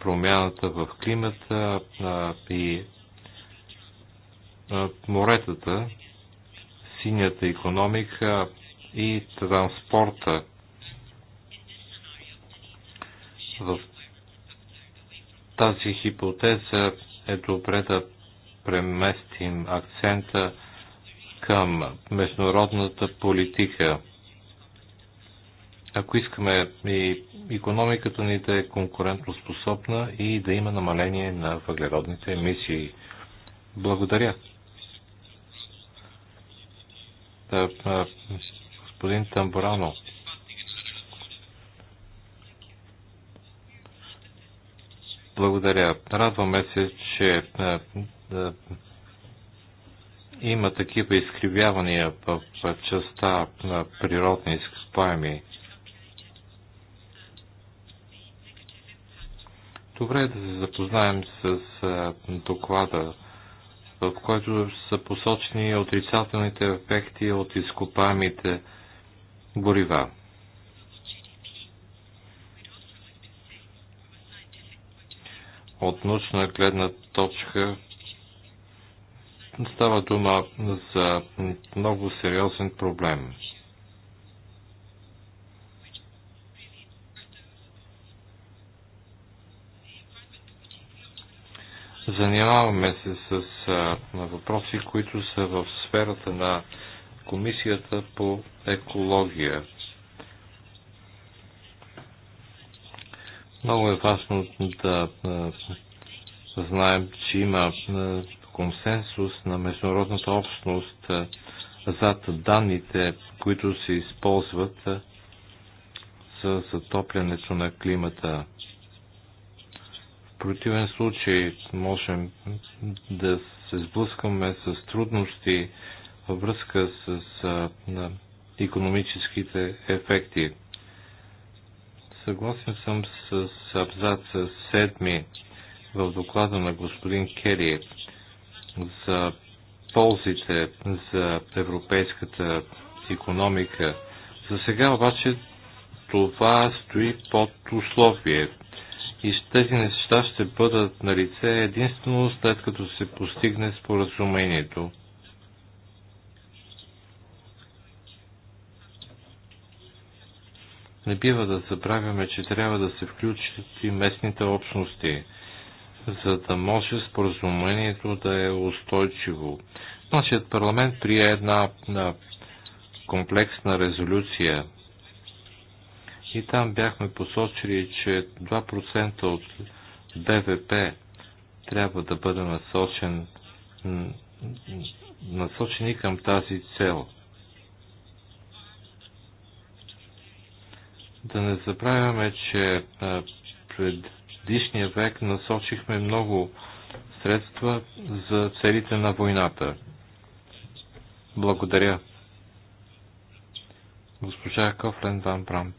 промяната в климата и моретата, синята економика и транспорта. В тази хипотеза е добре да преместим акцента към международната политика – ако искаме и економиката ни да е конкурентоспособна и да има намаление на въглеродните емисии. Благодаря. Да, господин Тамбурано. Благодаря. Радваме се, че да, да, има такива изкривявания в частта на природни изкопаеми. Добре е да се запознаем с доклада, в който са посочени отрицателните ефекти от изкопаемите горива. От научна гледна точка става дума за много сериозен проблем – Занимаваме се с а, въпроси, които са в сферата на Комисията по екология. Много е важно да а, знаем, че има а, консенсус на международната общност а, зад данните, които се използват а, за затоплянето на климата противен случай можем да се сблъскаме с трудности във връзка с а, на економическите ефекти. Съгласен съм с абзаца 7 в доклада на господин Кери за ползите за европейската економика. За сега обаче това стои под условие и тези неща ще бъдат на лице единствено след като се постигне споразумението. Не бива да забравяме, че трябва да се включат и местните общности, за да може споразумението да е устойчиво. Нашият парламент прие една комплексна резолюция и там бяхме посочили, че 2% от БВП трябва да бъде насочен, насочени към тази цел. Да не забравяме, че предишния век насочихме много средства за целите на войната. Благодаря. Госпожа Кофлен Ван Брамп.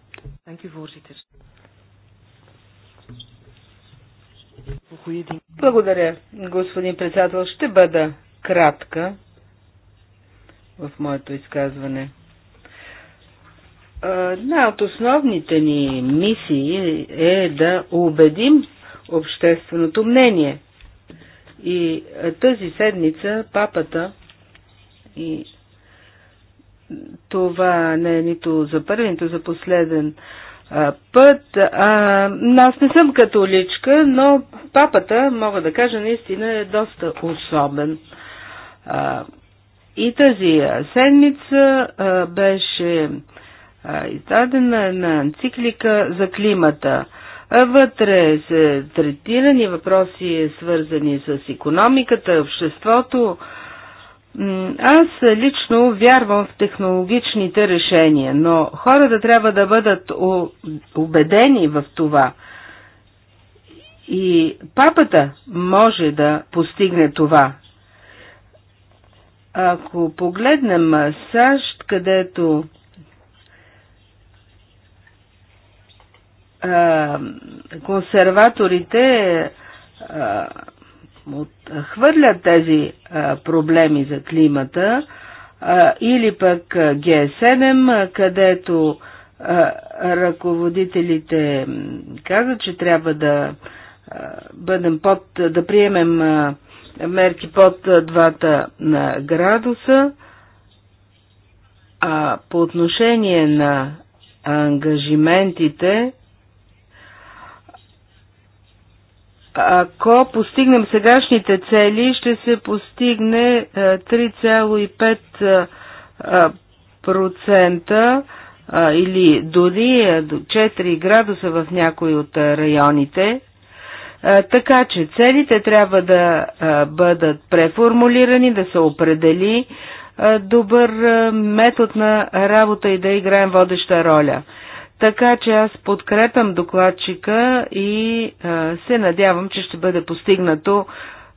Благодаря, господин председател. Ще бъда кратка в моето изказване. Една от основните ни мисии е да убедим общественото мнение. И тази седмица папата и това не е нито за първи, нито за последен а, път. А, аз не съм католичка, но папата, мога да кажа, наистина е доста особен. А, и тази седмица а, беше а, издадена на енциклика за климата. А вътре се третирани въпроси, свързани с економиката, обществото, аз лично вярвам в технологичните решения, но хората трябва да бъдат убедени в това. И папата може да постигне това. Ако погледнем САЩ, където консерваторите отхвърлят тези проблеми за климата, или пък Г7, където ръководителите казват, че трябва да бъдем под, да приемем мерки под двата на градуса. А по отношение на ангажиментите, Ако постигнем сегашните цели, ще се постигне 3,5% е, е, е, или дори до 4 градуса в някои от районите. Така че целите трябва да бъдат преформулирани, да се определи добър метод на работа и да играем водеща роля. Така че аз подкрепям докладчика и а, се надявам, че ще бъде постигнато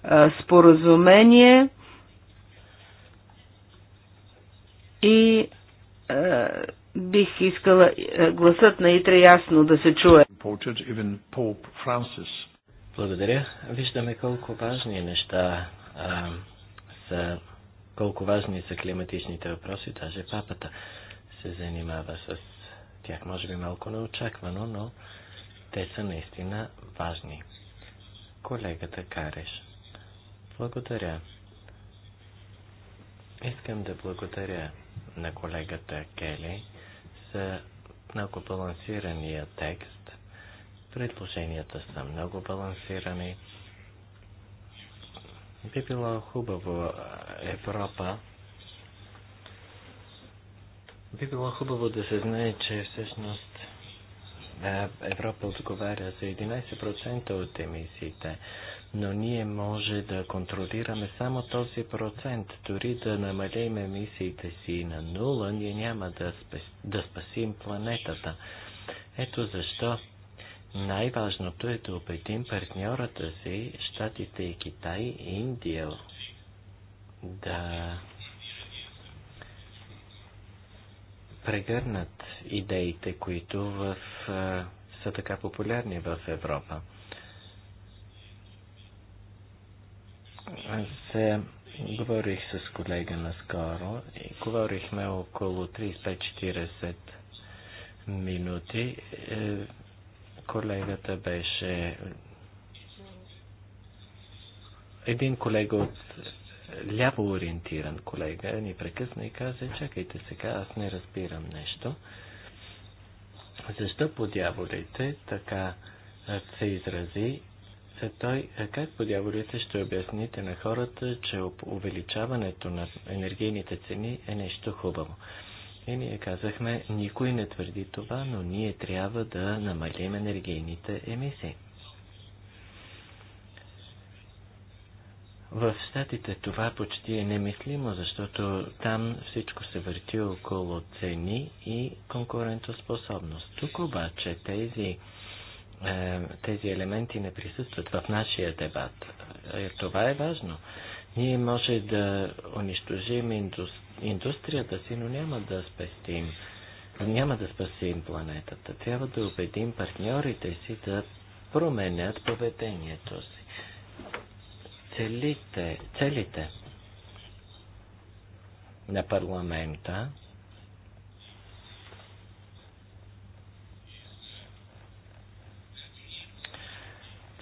а, споразумение и а, бих искала а, гласът на Итре ясно да се чуе. Благодаря. Виждаме колко важни неща а, са, колко важни са климатичните въпроси, даже папата се занимава с тях може би малко неочаквано, но те са наистина важни. Колегата Кареш. Благодаря. Искам да благодаря на колегата Кели за много балансирания текст. Предложенията са много балансирани. Би било хубаво Европа би било хубаво да се знае, че всъщност е, Европа отговаря за 11% от емисиите, но ние може да контролираме само този процент. Дори да намалим емисиите си на нула, ние няма да, спас, да спасим планетата. Ето защо най-важното е да убедим партньората си, Штатите и Китай, Индия, да прегърнат идеите, които в, са така популярни в Европа. Аз говорих с колега наскоро и говорихме около 35-40 минути. Е, колегата беше един колега от ляво ориентиран колега ни прекъсна и каза, чакайте сега, аз не разбирам нещо. Защо по дяволите така се изрази? Е, той, е, как по дяволите ще обясните на хората, че увеличаването на енергийните цени е нещо хубаво? И ние казахме, никой не твърди това, но ние трябва да намалим енергийните емисии. В Штатите това почти е немислимо, защото там всичко се върти около цени и конкурентоспособност. Тук обаче тези, е, тези елементи не присъстват в нашия дебат. Е, това е важно. Ние може да унищожим индустрията си, но няма да спестим, няма да спасим планетата. Трябва да убедим партньорите си да променят поведението си целите, целите на парламента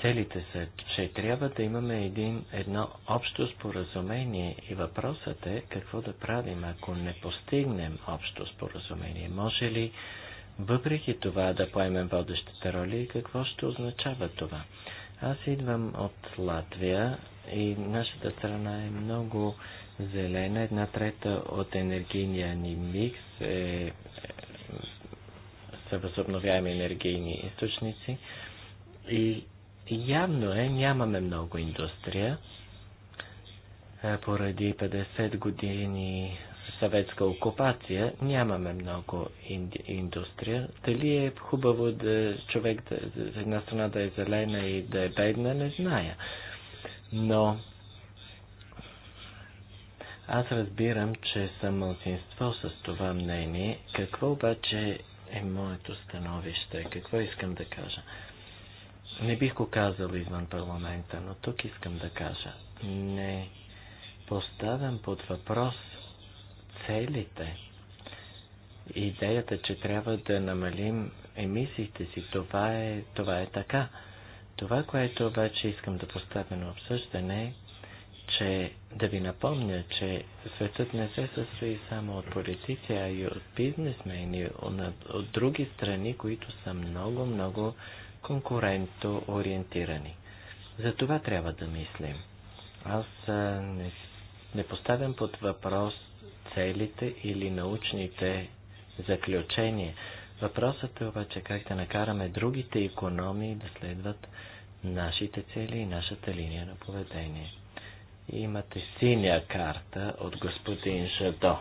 Целите са, че трябва да имаме един, едно общо споразумение и въпросът е какво да правим, ако не постигнем общо споразумение. Може ли въпреки това да поемем водещата роля и какво ще означава това? Аз идвам от Латвия, и нашата страна е много зелена. Една трета от енергийния ни микс е, е са възобновяеми енергийни източници. И явно е, нямаме много индустрия. Е, поради 50 години съветска окупация нямаме много индустрия. Дали е хубаво да човек да, за една страна да е зелена и да е бедна, не зная но аз разбирам, че съм мълцинство с това мнение. Какво обаче е моето становище? Какво искам да кажа? Не бих го казал извън парламента, но тук искам да кажа. Не поставям под въпрос целите. Идеята, че трябва да намалим емисиите си, това е, това е така. Това, което обаче искам да поставя на обсъждане е, че да ви напомня, че светът не се състои само от политици, а и от бизнесмени, от други страни, които са много, много конкурентно ориентирани. За това трябва да мислим. Аз не, не поставям под въпрос целите или научните заключения. Въпросът е обаче как да накараме другите економии да следват нашите цели и нашата линия на поведение. Имате синя карта от господин Жадо.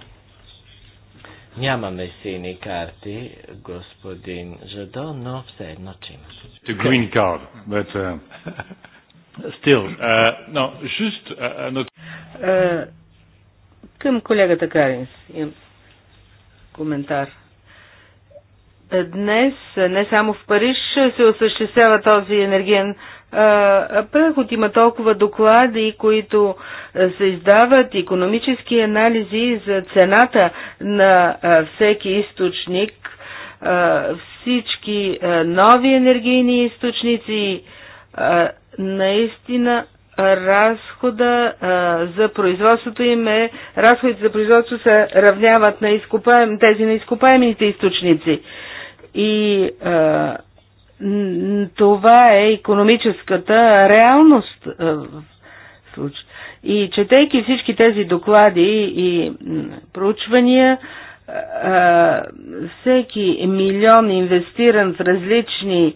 Нямаме сини карти, господин Жадо, но все едно, че има. The green card, but uh, still, uh, no, just, uh, uh not... uh, към колегата Каринс имам коментар. Днес, не само в Париж, се осъществява този енергиен преход. Има толкова доклади, които се издават, економически анализи за цената на всеки източник, всички нови енергийни източници, наистина разхода за производството им е, разходите за производство се равняват на изкупаем, тези на изкупаемите източници. И а, това е економическата реалност в случая. И четейки всички тези доклади и проучвания, всеки милион инвестиран в различни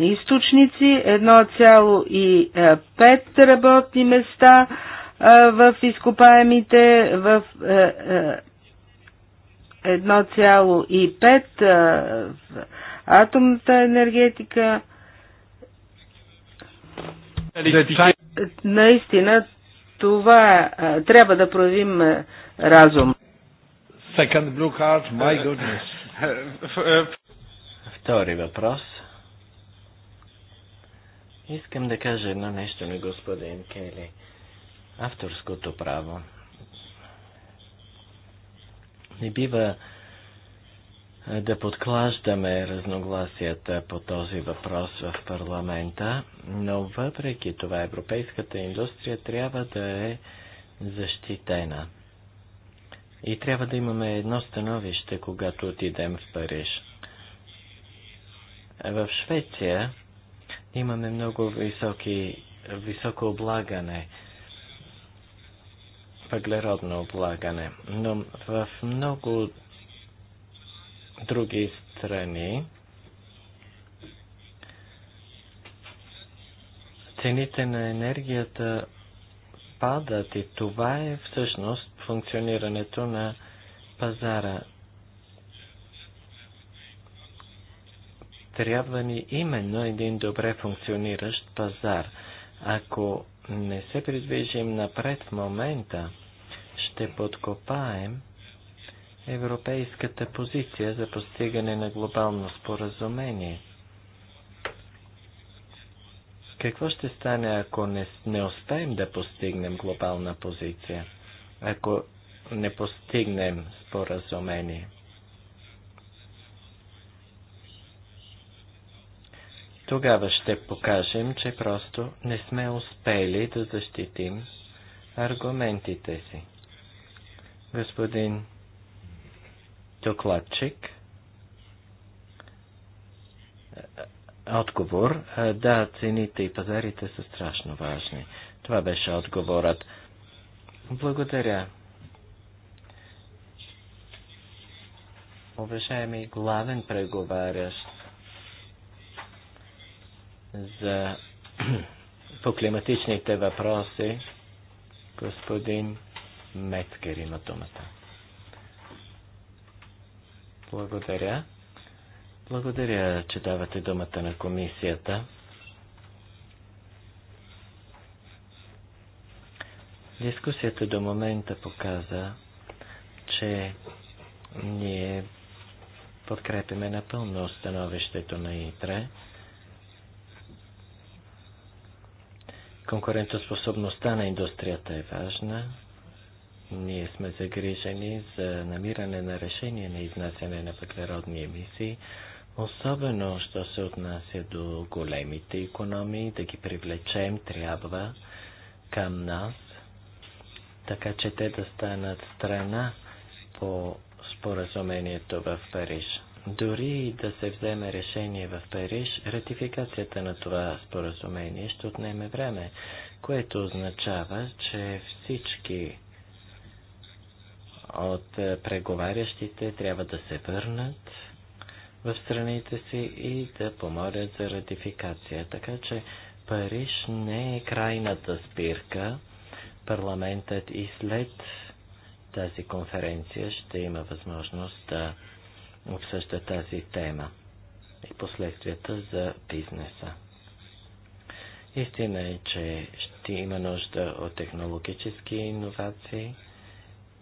източници, 1,5 работни места в изкопаемите в 1,5 в атомната енергетика. Наистина, това трябва да проявим разум. Втори въпрос. Искам да кажа едно нещо на господин Кели. Авторското право. Не бива да подклаждаме разногласията по този въпрос в парламента, но въпреки това европейската индустрия трябва да е защитена. И трябва да имаме едно становище, когато отидем в Париж. В Швеция имаме много високи, високо облагане въглеродно облагане. Но в много други страни цените на енергията падат и това е всъщност функционирането на пазара. Трябва ни именно един добре функциониращ пазар. Ако не се придвижим напред в момента, ще подкопаем европейската позиция за постигане на глобално споразумение. Какво ще стане, ако не, не успеем да постигнем глобална позиция? Ако не постигнем споразумение? тогава ще покажем, че просто не сме успели да защитим аргументите си. Господин докладчик, отговор, да, цените и пазарите са страшно важни. Това беше отговорът. Благодаря. Уважаеми главен преговарящ, за по климатичните въпроси господин Меткер има думата. Благодаря. Благодаря, че давате думата на комисията. Дискусията до момента показа, че ние подкрепиме напълно становището на ИТРЕ. Конкурентоспособността на индустрията е важна. Ние сме загрижени за намиране на решение на изнасяне на въглеродни емисии, особено, що се отнася до големите економии, да ги привлечем трябва към нас, така че те да станат страна по споразумението в Париж. Дори и да се вземе решение в Париж, ратификацията на това споразумение ще отнеме време, което означава, че всички от преговарящите трябва да се върнат в страните си и да помолят за ратификация. Така че Париж не е крайната спирка. Парламентът и след тази конференция ще има възможност да обсъжда тази тема и последствията за бизнеса. Истина е, че ще има нужда от технологически иновации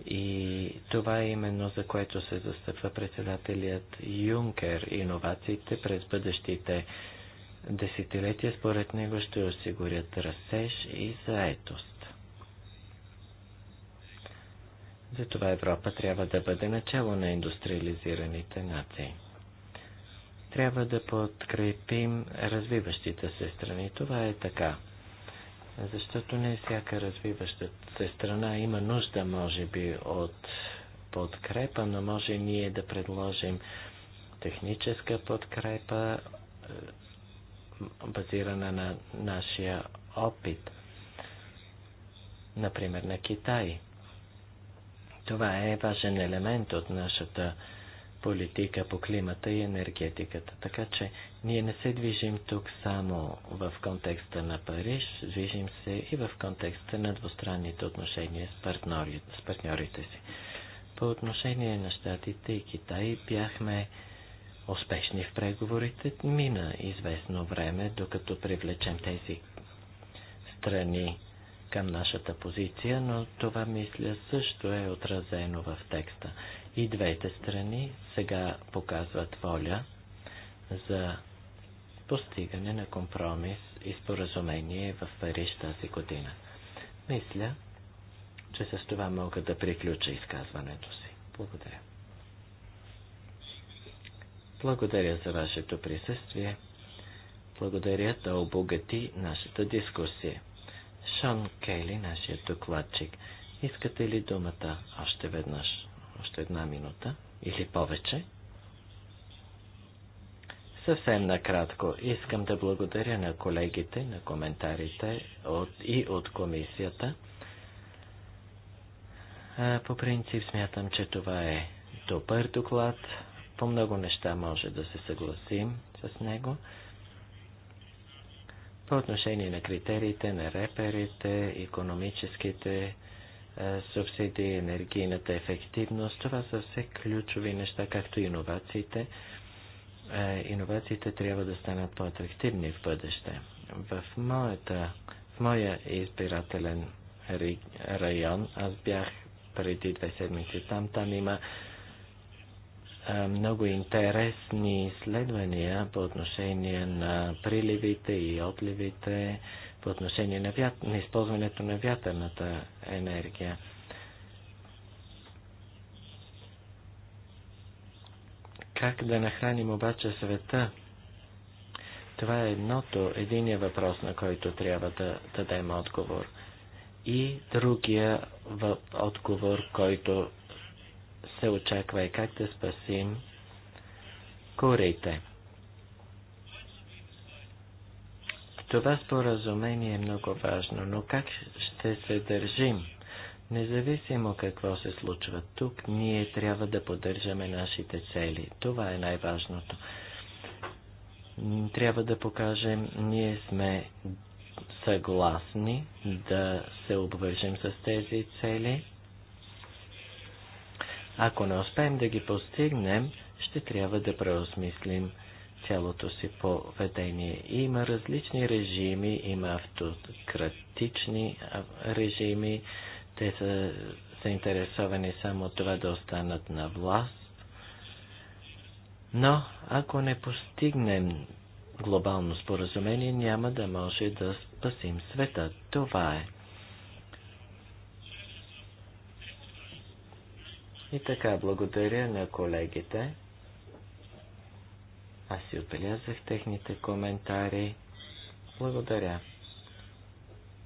и това е именно за което се застъпва председателят Юнкер. Иновациите през бъдещите десетилетия според него ще осигурят разсеж и заетост. Затова Европа трябва да бъде начало на индустриализираните нации. Трябва да подкрепим развиващите се страни. Това е така. Защото не всяка развиваща се страна има нужда, може би, от подкрепа, но може ние да предложим техническа подкрепа, е, базирана на нашия опит. Например, на Китай – това е важен елемент от нашата политика по климата и енергетиката. Така че ние не се движим тук само в контекста на Париж, движим се и в контекста на двустранните отношения с, партньори, с партньорите си. По отношение на Штатите и Китай бяхме успешни в преговорите. Мина известно време, докато привлечем тези страни към нашата позиция, но това мисля също е отразено в текста. И двете страни сега показват воля за постигане на компромис и споразумение в Париж тази година. Мисля, че с това мога да приключа изказването си. Благодаря. Благодаря за вашето присъствие. Благодаря да обогати нашата дискусия. Джон Кейли, нашия докладчик. Искате ли думата още веднъж? Още една минута? Или повече? Съвсем накратко, искам да благодаря на колегите, на коментарите от, и от комисията. По принцип смятам, че това е добър доклад. По много неща може да се съгласим с него по отношение на критериите, на реперите, економическите е, субсидии, енергийната ефективност. Това са все ключови неща, както и иновациите. Е, иновациите трябва да станат по-атрактивни в бъдеще. В, моята, в моя избирателен район, аз бях преди две седмици там, там има е, много интересни изследвания по отношение на приливите и отливите, по отношение на, вят... на използването на вятърната енергия. Как да нахраним обаче света? Това е едното, единия въпрос, на който трябва да дадем отговор. И другия отговор, който се очаква и как да спасим корите. Това споразумение е много важно, но как ще се държим? Независимо какво се случва тук, ние трябва да поддържаме нашите цели. Това е най-важното. Трябва да покажем, ние сме съгласни да се обвържем с тези цели ако не успеем да ги постигнем, ще трябва да преосмислим цялото си поведение. Има различни режими, има автократични режими, те са заинтересовани само от това да останат на власт. Но ако не постигнем глобално споразумение, няма да може да спасим света. Това е. И така, благодаря на колегите. Аз си отбелязах техните коментари. Благодаря.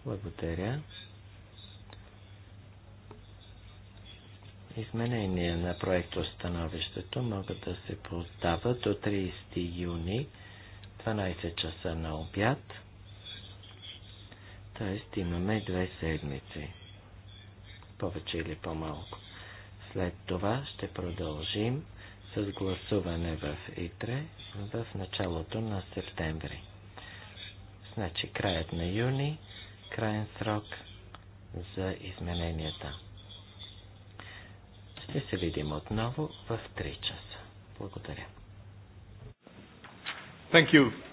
Благодаря. Изменения на проектостановището могат да се поздават до 30 юни, 12 часа на обяд. Тоест имаме две седмици. Повече или по-малко. След това ще продължим с гласуване в ИТРЕ в началото на септември. Значи краят на юни, краен срок за измененията. Ще се видим отново в 3 часа. Благодаря. Thank you.